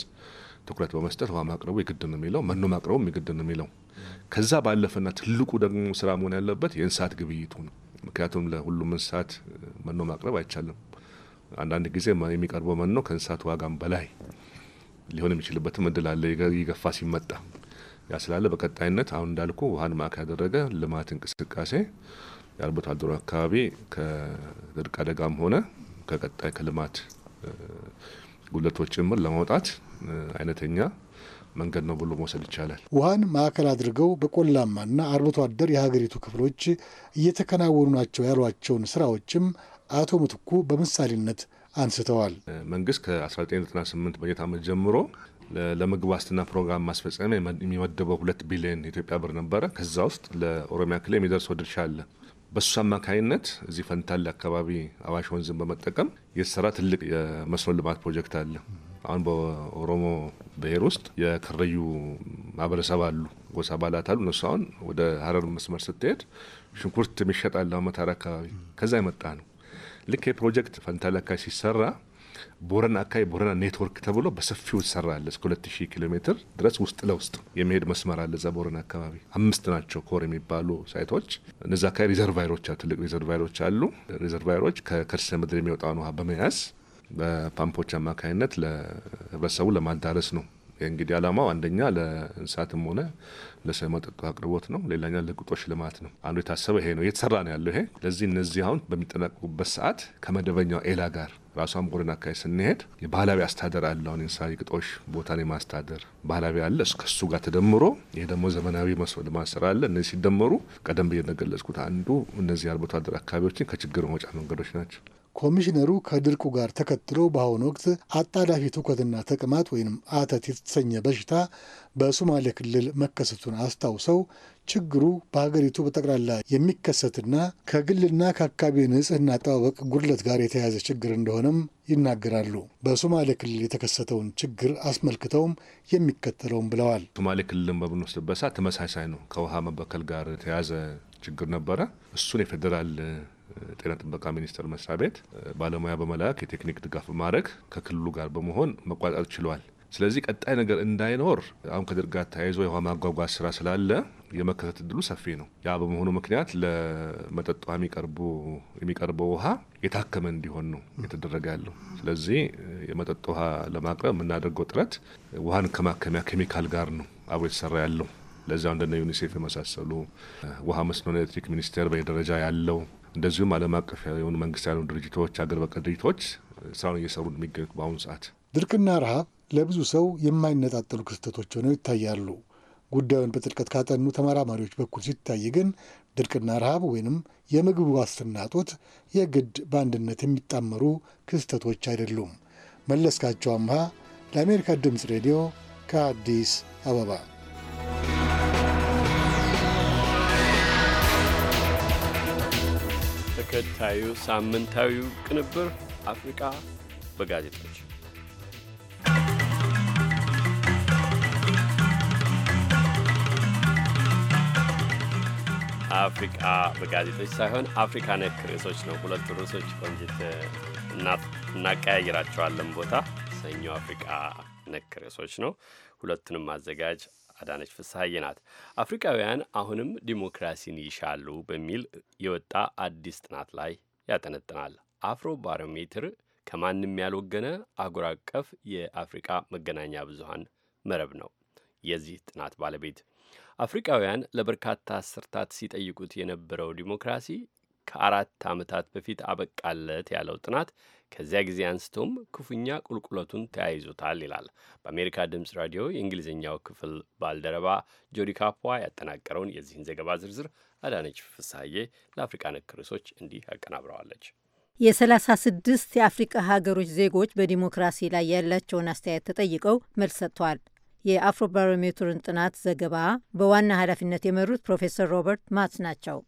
ትኩረት በመስጠት ውሃ ማቅረቡ የግድ ነው የሚለው መኖ ማቅረቡም የግድ ነው የሚለው ከዛ ባለፈና ትልቁ ደግሞ ስራ መሆን ያለበት የእንስሳት ግብይቱ ነው። ምክንያቱም ለሁሉም እንስሳት መኖ ማቅረብ አይቻልም። አንዳንድ ጊዜ የሚቀርበው መኖ ከእንስሳት ዋጋም በላይ ሊሆን የሚችልበትም እድል አለ ይገፋ ሲመጣ ያ ስላለ በቀጣይነት አሁን እንዳልኩ ውሀን ማዕከል ያደረገ ልማት እንቅስቃሴ የአርብቶ አደሩ አካባቢ ከድርቅ አደጋም ሆነ ከቀጣይ ከልማት ጉለቶች ጭምር ለማውጣት አይነተኛ መንገድ ነው ብሎ መውሰድ ይቻላል። ውሃን ማዕከል አድርገው በቆላማና አርብቶ አደር የሀገሪቱ ክፍሎች እየተከናወኑ ናቸው ያሏቸውን ስራዎችም አቶ ምትኩ በምሳሌነት አንስተዋል። መንግስት ከ1998 በጀት ዓመት ጀምሮ ለምግብ ዋስትና ፕሮግራም ማስፈጸሚያ የሚመደበው ሁለት ቢሊዮን ኢትዮጵያ ብር ነበረ። ከዛ ውስጥ ለኦሮሚያ ክልል የሚደርሰው ድርሻ አለ። በሱ አማካኝነት እዚህ ፈንታሌ አካባቢ አዋሽ ወንዝን በመጠቀም የተሰራ ትልቅ የመስኖ ልማት ፕሮጀክት አለ። አሁን በኦሮሞ ብሔር ውስጥ የክረዩ ማህበረሰብ አሉ፣ ጎሳ አባላት አሉ። እነሱ አሁን ወደ ሀረር መስመር ስትሄድ ሽንኩርት የሚሸጣል መታራ አካባቢ ከዛ የመጣ ነው። ልክ የፕሮጀክት ፈንታሌ አካባቢ ሲሰራ ቦረና አካባቢ ቦረና ኔትወርክ ተብሎ በሰፊው ይሰራል። እስከ 2000 ኪሎ ሜትር ድረስ ውስጥ ለውስጥ የመሄድ መስመር አለ። እዛ ቦረና አካባቢ አምስት ናቸው ኮር የሚባሉ ሳይቶች። እነዚ አካባቢ ሪዘርቫይሮች፣ ትልቅ ሪዘርቫይሮች አሉ። ሪዘርቫይሮች ከከርሰ ምድር የሚወጣውን ውሃ በመያዝ በፓምፖች አማካኝነት ለህብረተሰቡ ለማዳረስ ነው። እንግዲህ አላማው አንደኛ ለእንስሳትም ሆነ ለሰው መጠጡ አቅርቦት ነው። ሌላኛ ለግጦሽ ልማት ነው። አንዱ የታሰበ ይሄ ነው፣ እየተሰራ ነው ያለው ይሄ። ስለዚህ እነዚህ አሁን በሚጠናቀቁበት ሰዓት ከመደበኛው ኤላ ጋር ራሷም ጎደን አካባቢ ስንሄድ የባህላዊ አስተዳደር አለ። አሁን እንስሳ ግጦሽ ቦታን የማስተዳደር ባህላዊ አለ። እስከሱ ጋር ተደምሮ ይህ ደግሞ ዘመናዊ መስኖ ልማት አለ። እነዚህ ሲደመሩ ቀደም ብዬ እንደገለጽኩት አንዱ እነዚህ አርብቶ አደር አካባቢዎችን ከችግር መውጫ መንገዶች ናቸው። ኮሚሽነሩ ከድርቁ ጋር ተከትሎ በአሁኑ ወቅት አጣዳፊ ትውከትና ተቅማጥ ወይም አተት የተሰኘ በሽታ በሶማሌ ክልል መከሰቱን አስታውሰው ችግሩ በሀገሪቱ በጠቅላላ የሚከሰትና ከግልና ከአካባቢ ንጽህና አጠባበቅ ጉድለት ጋር የተያያዘ ችግር እንደሆነም ይናገራሉ። በሶማሌ ክልል የተከሰተውን ችግር አስመልክተውም የሚከተለውም ብለዋል። ሶማሌ ክልልን በምንወስድበት ሰዓት ተመሳሳይ ነው። ከውሃ መበከል ጋር የተያያዘ ችግር ነበረ። እሱን የፌዴራል ጤና ጥበቃ ሚኒስቴር መስሪያ ቤት ባለሙያ በመላክ የቴክኒክ ድጋፍ በማድረግ ከክልሉ ጋር በመሆን መቋጠር ችሏል። ስለዚህ ቀጣይ ነገር እንዳይኖር አሁን ከድርጋት ተያይዞ የውሃ ማጓጓዝ ስራ ስላለ የመከሰት እድሉ ሰፊ ነው። ያ በመሆኑ ምክንያት ለመጠጥ ውሃ የሚቀርበው ውሃ የታከመ እንዲሆን ነው የተደረገ ያለው። ስለዚህ የመጠጥ ውሃ ለማቅረብ የምናደርገው ጥረት ውሃን ከማከሚያ ኬሚካል ጋር ነው አብሮ የተሰራ ያለው። ለዚያው እንደነ ዩኒሴፍ የመሳሰሉ ውሃ መስኖና ኤሌክትሪክ ሚኒስቴር በየደረጃ ያለው እንደዚሁም ዓለም አቀፍ የሆኑ መንግስት ያልሆኑ ድርጅቶች፣ ሀገር በቀል ድርጅቶች ስራውን እየሰሩ እንደሚገኙት በአሁኑ ሰዓት ድርቅና ረሃብ ለብዙ ሰው የማይነጣጠሉ ክስተቶች ሆነው ይታያሉ። ጉዳዩን በጥልቀት ካጠኑ ተመራማሪዎች በኩል ሲታይ ግን ድርቅና ረሃብ ወይንም የምግብ ዋስትና እጦት የግድ በአንድነት የሚጣመሩ ክስተቶች አይደሉም። መለስካቸው አምሃ ለአሜሪካ ድምፅ ሬዲዮ ከአዲስ አበባ ተከታዩ ሳምንታዊ ቅንብር አፍሪቃ በጋዜጦች አፍሪቃ በጋዜጦች ሳይሆን አፍሪካ ነክ ርዕሶች ነው። ሁለቱ ርዕሶች ቆንጅት እናቀያይራቸዋለን ቦታ ሰኞ አፍሪቃ ነክ ርዕሶች ነው። ሁለቱንም አዘጋጅ አዳነች ፍስሐዬ ናት። አፍሪካውያን አሁንም ዲሞክራሲን ይሻሉ በሚል የወጣ አዲስ ጥናት ላይ ያጠነጥናል። አፍሮ ባሮሜትር ከማንም ያልወገነ አህጉር አቀፍ የአፍሪቃ መገናኛ ብዙሀን መረብ ነው። የዚህ ጥናት ባለቤት አፍሪካውያን ለበርካታ አስርታት ሲጠይቁት የነበረው ዲሞክራሲ ከአራት ዓመታት በፊት አበቃለት ያለው ጥናት ከዚያ ጊዜ አንስቶም ክፉኛ ቁልቁለቱን ተያይዞታል ይላል። በአሜሪካ ድምፅ ራዲዮ የእንግሊዝኛው ክፍል ባልደረባ ጆዲ ካፖዋ ያጠናቀረውን የዚህን ዘገባ ዝርዝር አዳነች ፍሳዬ ለአፍሪቃ ነክ ርዕሶች እንዲህ አቀናብረዋለች። የ36 የአፍሪቃ ሀገሮች ዜጎች በዲሞክራሲ ላይ ያላቸውን አስተያየት ተጠይቀው መልስ ሰጥተዋል። የአፍሮባሮሜትርን ጥናት ዘገባ በዋና ኃላፊነት የመሩት ፕሮፌሰር ሮበርት ማትስ ናቸው።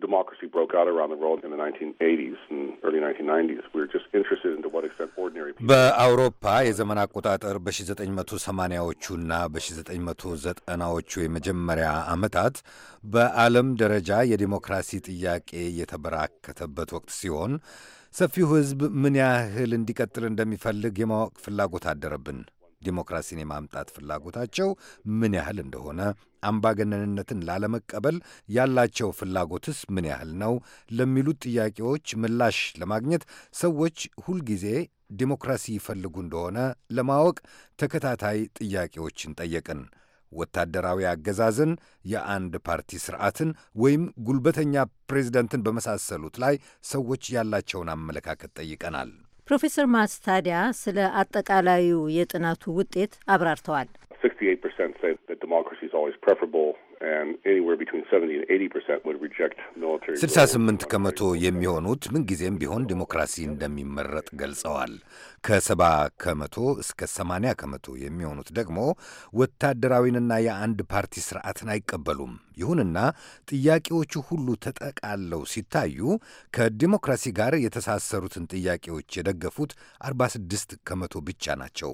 democracy broke out around the world in the 1980s and early 1990s. We were just interested in to what extent ordinary people. በአውሮፓ የዘመን አቆጣጠር በ1980ዎቹና በ1990ዎቹ የመጀመሪያ ዓመታት በዓለም ደረጃ የዲሞክራሲ ጥያቄ የተበራከተበት ወቅት ሲሆን ሰፊው ሕዝብ ምን ያህል እንዲቀጥል እንደሚፈልግ የማወቅ ፍላጎት አደረብን። ዲሞክራሲን የማምጣት ፍላጎታቸው ምን ያህል እንደሆነ፣ አምባገነንነትን ላለመቀበል ያላቸው ፍላጎትስ ምን ያህል ነው ለሚሉት ጥያቄዎች ምላሽ ለማግኘት ሰዎች ሁልጊዜ ዲሞክራሲ ይፈልጉ እንደሆነ ለማወቅ ተከታታይ ጥያቄዎችን ጠየቅን። ወታደራዊ አገዛዝን፣ የአንድ ፓርቲ ስርዓትን ወይም ጉልበተኛ ፕሬዚደንትን በመሳሰሉት ላይ ሰዎች ያላቸውን አመለካከት ጠይቀናል። ፕሮፌሰር ማስ ታዲያ ስለ አጠቃላዩ የጥናቱ ውጤት አብራርተዋል። ስልሳ ስምንት ከመቶ የሚሆኑት ምንጊዜም ቢሆን ዲሞክራሲ እንደሚመረጥ ገልጸዋል። ከ70 ከመቶ እስከ 80 ከመቶ የሚሆኑት ደግሞ ወታደራዊንና የአንድ ፓርቲ ስርዓትን አይቀበሉም። ይሁንና ጥያቄዎቹ ሁሉ ተጠቃለው ሲታዩ ከዲሞክራሲ ጋር የተሳሰሩትን ጥያቄዎች የደገፉት 46 ከመቶ ብቻ ናቸው።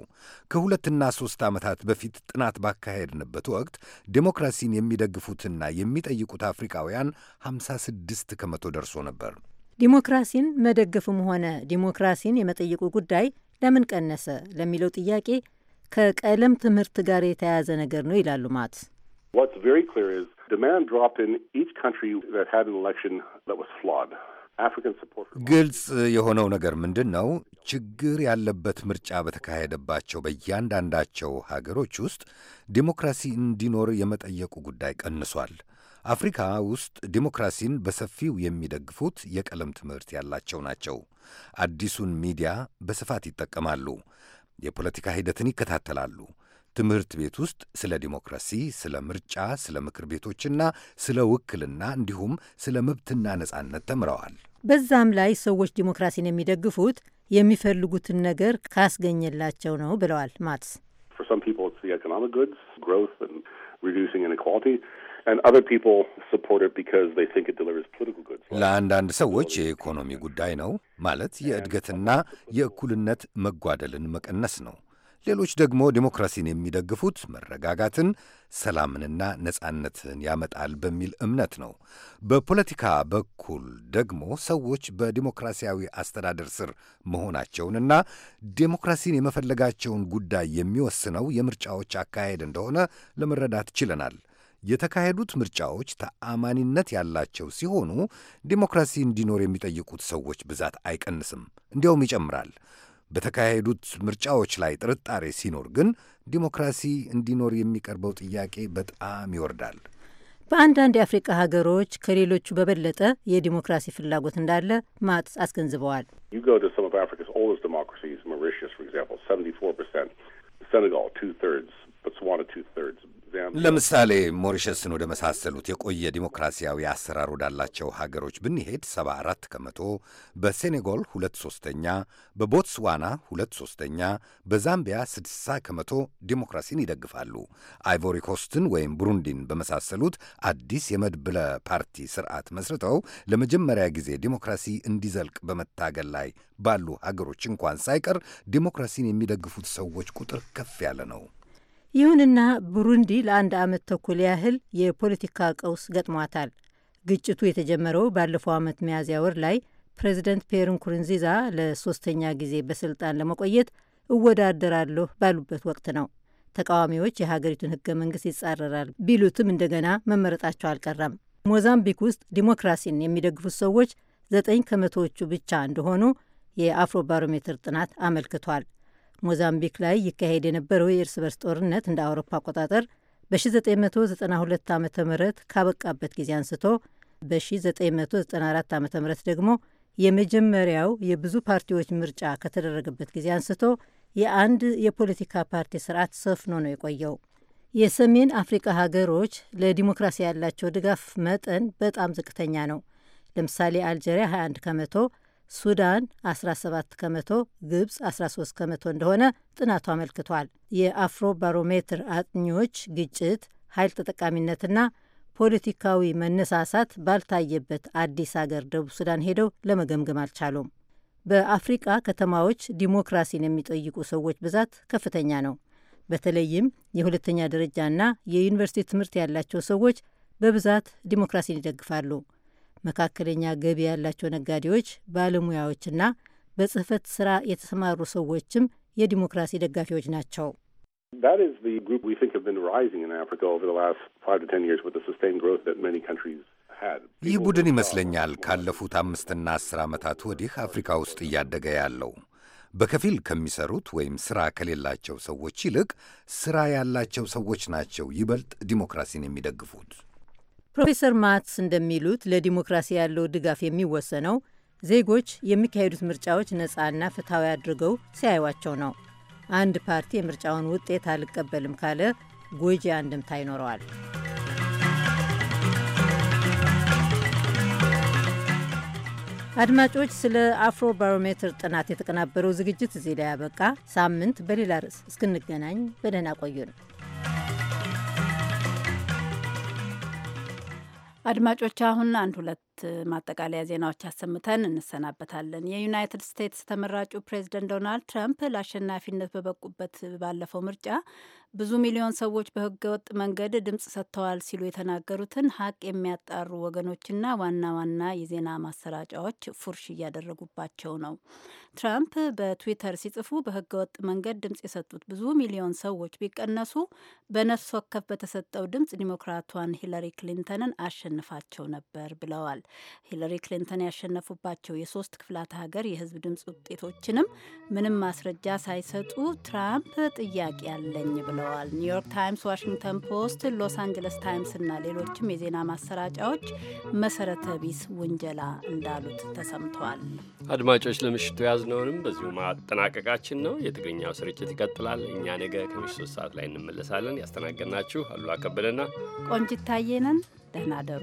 ከሁለትና ሦስት ዓመታት በፊት ጥናት ባካሄድንበት ወቅት ዲሞክራሲን የሚደግፉትና የሚጠይቁት አፍሪካውያን 56 ከመቶ ደርሶ ነበር። ዲሞክራሲን መደገፍም ሆነ ዲሞክራሲን የመጠየቁ ጉዳይ ለምን ቀነሰ ለሚለው ጥያቄ ከቀለም ትምህርት ጋር የተያያዘ ነገር ነው ይላሉ ማት። ግልጽ የሆነው ነገር ምንድን ነው? ችግር ያለበት ምርጫ በተካሄደባቸው በእያንዳንዳቸው ሀገሮች ውስጥ ዲሞክራሲ እንዲኖር የመጠየቁ ጉዳይ ቀንሷል። አፍሪካ ውስጥ ዲሞክራሲን በሰፊው የሚደግፉት የቀለም ትምህርት ያላቸው ናቸው። አዲሱን ሚዲያ በስፋት ይጠቀማሉ። የፖለቲካ ሂደትን ይከታተላሉ። ትምህርት ቤት ውስጥ ስለ ዲሞክራሲ፣ ስለ ምርጫ፣ ስለ ምክር ቤቶችና ስለ ውክልና እንዲሁም ስለ መብትና ነጻነት ተምረዋል። በዛም ላይ ሰዎች ዲሞክራሲን የሚደግፉት የሚፈልጉትን ነገር ካስገኘላቸው ነው ብለዋል ማትስ ለአንዳንድ ሰዎች የኢኮኖሚ ጉዳይ ነው ማለት የእድገትና የእኩልነት መጓደልን መቀነስ ነው። ሌሎች ደግሞ ዲሞክራሲን የሚደግፉት መረጋጋትን፣ ሰላምንና ነጻነትን ያመጣል በሚል እምነት ነው። በፖለቲካ በኩል ደግሞ ሰዎች በዲሞክራሲያዊ አስተዳደር ስር መሆናቸውንና ዲሞክራሲን የመፈለጋቸውን ጉዳይ የሚወስነው የምርጫዎች አካሄድ እንደሆነ ለመረዳት ችለናል። የተካሄዱት ምርጫዎች ተአማኒነት ያላቸው ሲሆኑ ዲሞክራሲ እንዲኖር የሚጠይቁት ሰዎች ብዛት አይቀንስም፣ እንዲያውም ይጨምራል። በተካሄዱት ምርጫዎች ላይ ጥርጣሬ ሲኖር ግን ዲሞክራሲ እንዲኖር የሚቀርበው ጥያቄ በጣም ይወርዳል። በአንዳንድ የአፍሪቃ ሀገሮች ከሌሎቹ በበለጠ የዲሞክራሲ ፍላጎት እንዳለ ማጥስ አስገንዝበዋል። ለምሳሌ ሞሪሸስን ወደ መሳሰሉት የቆየ ዲሞክራሲያዊ አሰራር ወዳላቸው ሀገሮች ብንሄድ 74 ከመቶ፣ በሴኔጎል ሁለት ሶስተኛ፣ በቦትስዋና ሁለት ሶስተኛ፣ በዛምቢያ 60 ከመቶ ዲሞክራሲን ይደግፋሉ። አይቮሪኮስትን ወይም ቡሩንዲን በመሳሰሉት አዲስ የመድብለ ፓርቲ ስርዓት መስርተው ለመጀመሪያ ጊዜ ዲሞክራሲ እንዲዘልቅ በመታገል ላይ ባሉ ሀገሮች እንኳን ሳይቀር ዲሞክራሲን የሚደግፉት ሰዎች ቁጥር ከፍ ያለ ነው። ይሁንና ብሩንዲ ለአንድ ዓመት ተኩል ያህል የፖለቲካ ቀውስ ገጥሟታል። ግጭቱ የተጀመረው ባለፈው ዓመት ሚያዝያ ወር ላይ ፕሬዚደንት ፔር ንኩሩንዚዛ ለሶስተኛ ጊዜ በስልጣን ለመቆየት እወዳደራለሁ ባሉበት ወቅት ነው። ተቃዋሚዎች የሀገሪቱን ህገ መንግስት ይጻረራል ቢሉትም እንደገና መመረጣቸው አልቀረም። ሞዛምቢክ ውስጥ ዲሞክራሲን የሚደግፉት ሰዎች ዘጠኝ ከመቶዎቹ ብቻ እንደሆኑ የአፍሮ ባሮሜትር ጥናት አመልክቷል። ሞዛምቢክ ላይ ይካሄድ የነበረው የእርስ በርስ ጦርነት እንደ አውሮፓ አቆጣጠር በ1992 ዓ ም ካበቃበት ጊዜ አንስቶ በ1994 ዓ ም ደግሞ የመጀመሪያው የብዙ ፓርቲዎች ምርጫ ከተደረገበት ጊዜ አንስቶ የአንድ የፖለቲካ ፓርቲ ስርዓት ሰፍኖ ነው የቆየው። የሰሜን አፍሪካ ሀገሮች ለዲሞክራሲ ያላቸው ድጋፍ መጠን በጣም ዝቅተኛ ነው። ለምሳሌ አልጀሪያ 21 ከመቶ፣ ሱዳን 17 ከመቶ፣ ግብፅ 13 ከመቶ እንደሆነ ጥናቱ አመልክቷል። የአፍሮ ባሮሜትር አጥኚዎች ግጭት፣ ኃይል ተጠቃሚነትና ፖለቲካዊ መነሳሳት ባልታየበት አዲስ አገር ደቡብ ሱዳን ሄደው ለመገምገም አልቻሉም። በአፍሪቃ ከተማዎች ዲሞክራሲን የሚጠይቁ ሰዎች ብዛት ከፍተኛ ነው። በተለይም የሁለተኛ ደረጃና የዩኒቨርሲቲ ትምህርት ያላቸው ሰዎች በብዛት ዲሞክራሲን ይደግፋሉ። መካከለኛ ገቢ ያላቸው ነጋዴዎች፣ ባለሙያዎችና በጽህፈት ስራ የተሰማሩ ሰዎችም የዲሞክራሲ ደጋፊዎች ናቸው። ይህ ቡድን ይመስለኛል ካለፉት አምስትና አስር ዓመታት ወዲህ አፍሪካ ውስጥ እያደገ ያለው በከፊል ከሚሰሩት ወይም ስራ ከሌላቸው ሰዎች ይልቅ ስራ ያላቸው ሰዎች ናቸው ይበልጥ ዲሞክራሲን የሚደግፉት። ፕሮፌሰር ማትስ እንደሚሉት ለዲሞክራሲ ያለው ድጋፍ የሚወሰነው ዜጎች የሚካሄዱት ምርጫዎች ነፃና ፍትሐዊ አድርገው ሲያዩቸው ነው። አንድ ፓርቲ የምርጫውን ውጤት አልቀበልም ካለ ጎጂ አንድምታ ይኖረዋል። አድማጮች፣ ስለ አፍሮ ባሮሜትር ጥናት የተቀናበረው ዝግጅት እዚህ ላይ ያበቃ። ሳምንት በሌላ ርዕስ እስክንገናኝ በደህና ቆዩን። አድማጮች አሁን አንድ ሁለት ማጠቃለያ ዜናዎች አሰምተን እንሰናበታለን። የዩናይትድ ስቴትስ ተመራጩ ፕሬዚደንት ዶናልድ ትራምፕ ለአሸናፊነት በበቁበት ባለፈው ምርጫ ብዙ ሚሊዮን ሰዎች በህገወጥ መንገድ ድምፅ ሰጥተዋል ሲሉ የተናገሩትን ሀቅ የሚያጣሩ ወገኖችና ዋና ዋና የዜና ማሰራጫዎች ፉርሽ እያደረጉባቸው ነው። ትራምፕ በትዊተር ሲጽፉ በህገወጥ መንገድ ድምፅ የሰጡት ብዙ ሚሊዮን ሰዎች ቢቀነሱ በነፍስ ወከፍ በተሰጠው ድምፅ ዲሞክራቷን ሂለሪ ክሊንተንን አሸንፋቸው ነበር ብለዋል። ሂለሪ ክሊንተን ያሸነፉባቸው የሶስት ክፍላተ ሀገር የህዝብ ድምፅ ውጤቶችንም ምንም ማስረጃ ሳይሰጡ ትራምፕ ጥያቄ አለኝ ብለዋል። ብለዋል። ኒውዮርክ ታይምስ፣ ዋሽንግተን ፖስት፣ ሎስ አንጀለስ ታይምስ እና ሌሎችም የዜና ማሰራጫዎች መሰረተ ቢስ ውንጀላ እንዳሉት ተሰምተዋል። አድማጮች ለምሽቱ ያዝነውንም በዚሁ ማጠናቀቃችን ነው። የትግርኛው ስርጭት ይቀጥላል። እኛ ነገ ከምሽቱ ሶስት ሰዓት ላይ እንመለሳለን። ያስተናገድናችሁ አሉላ ከበደና ቆንጂት ታየነን። ደህና ደሩ።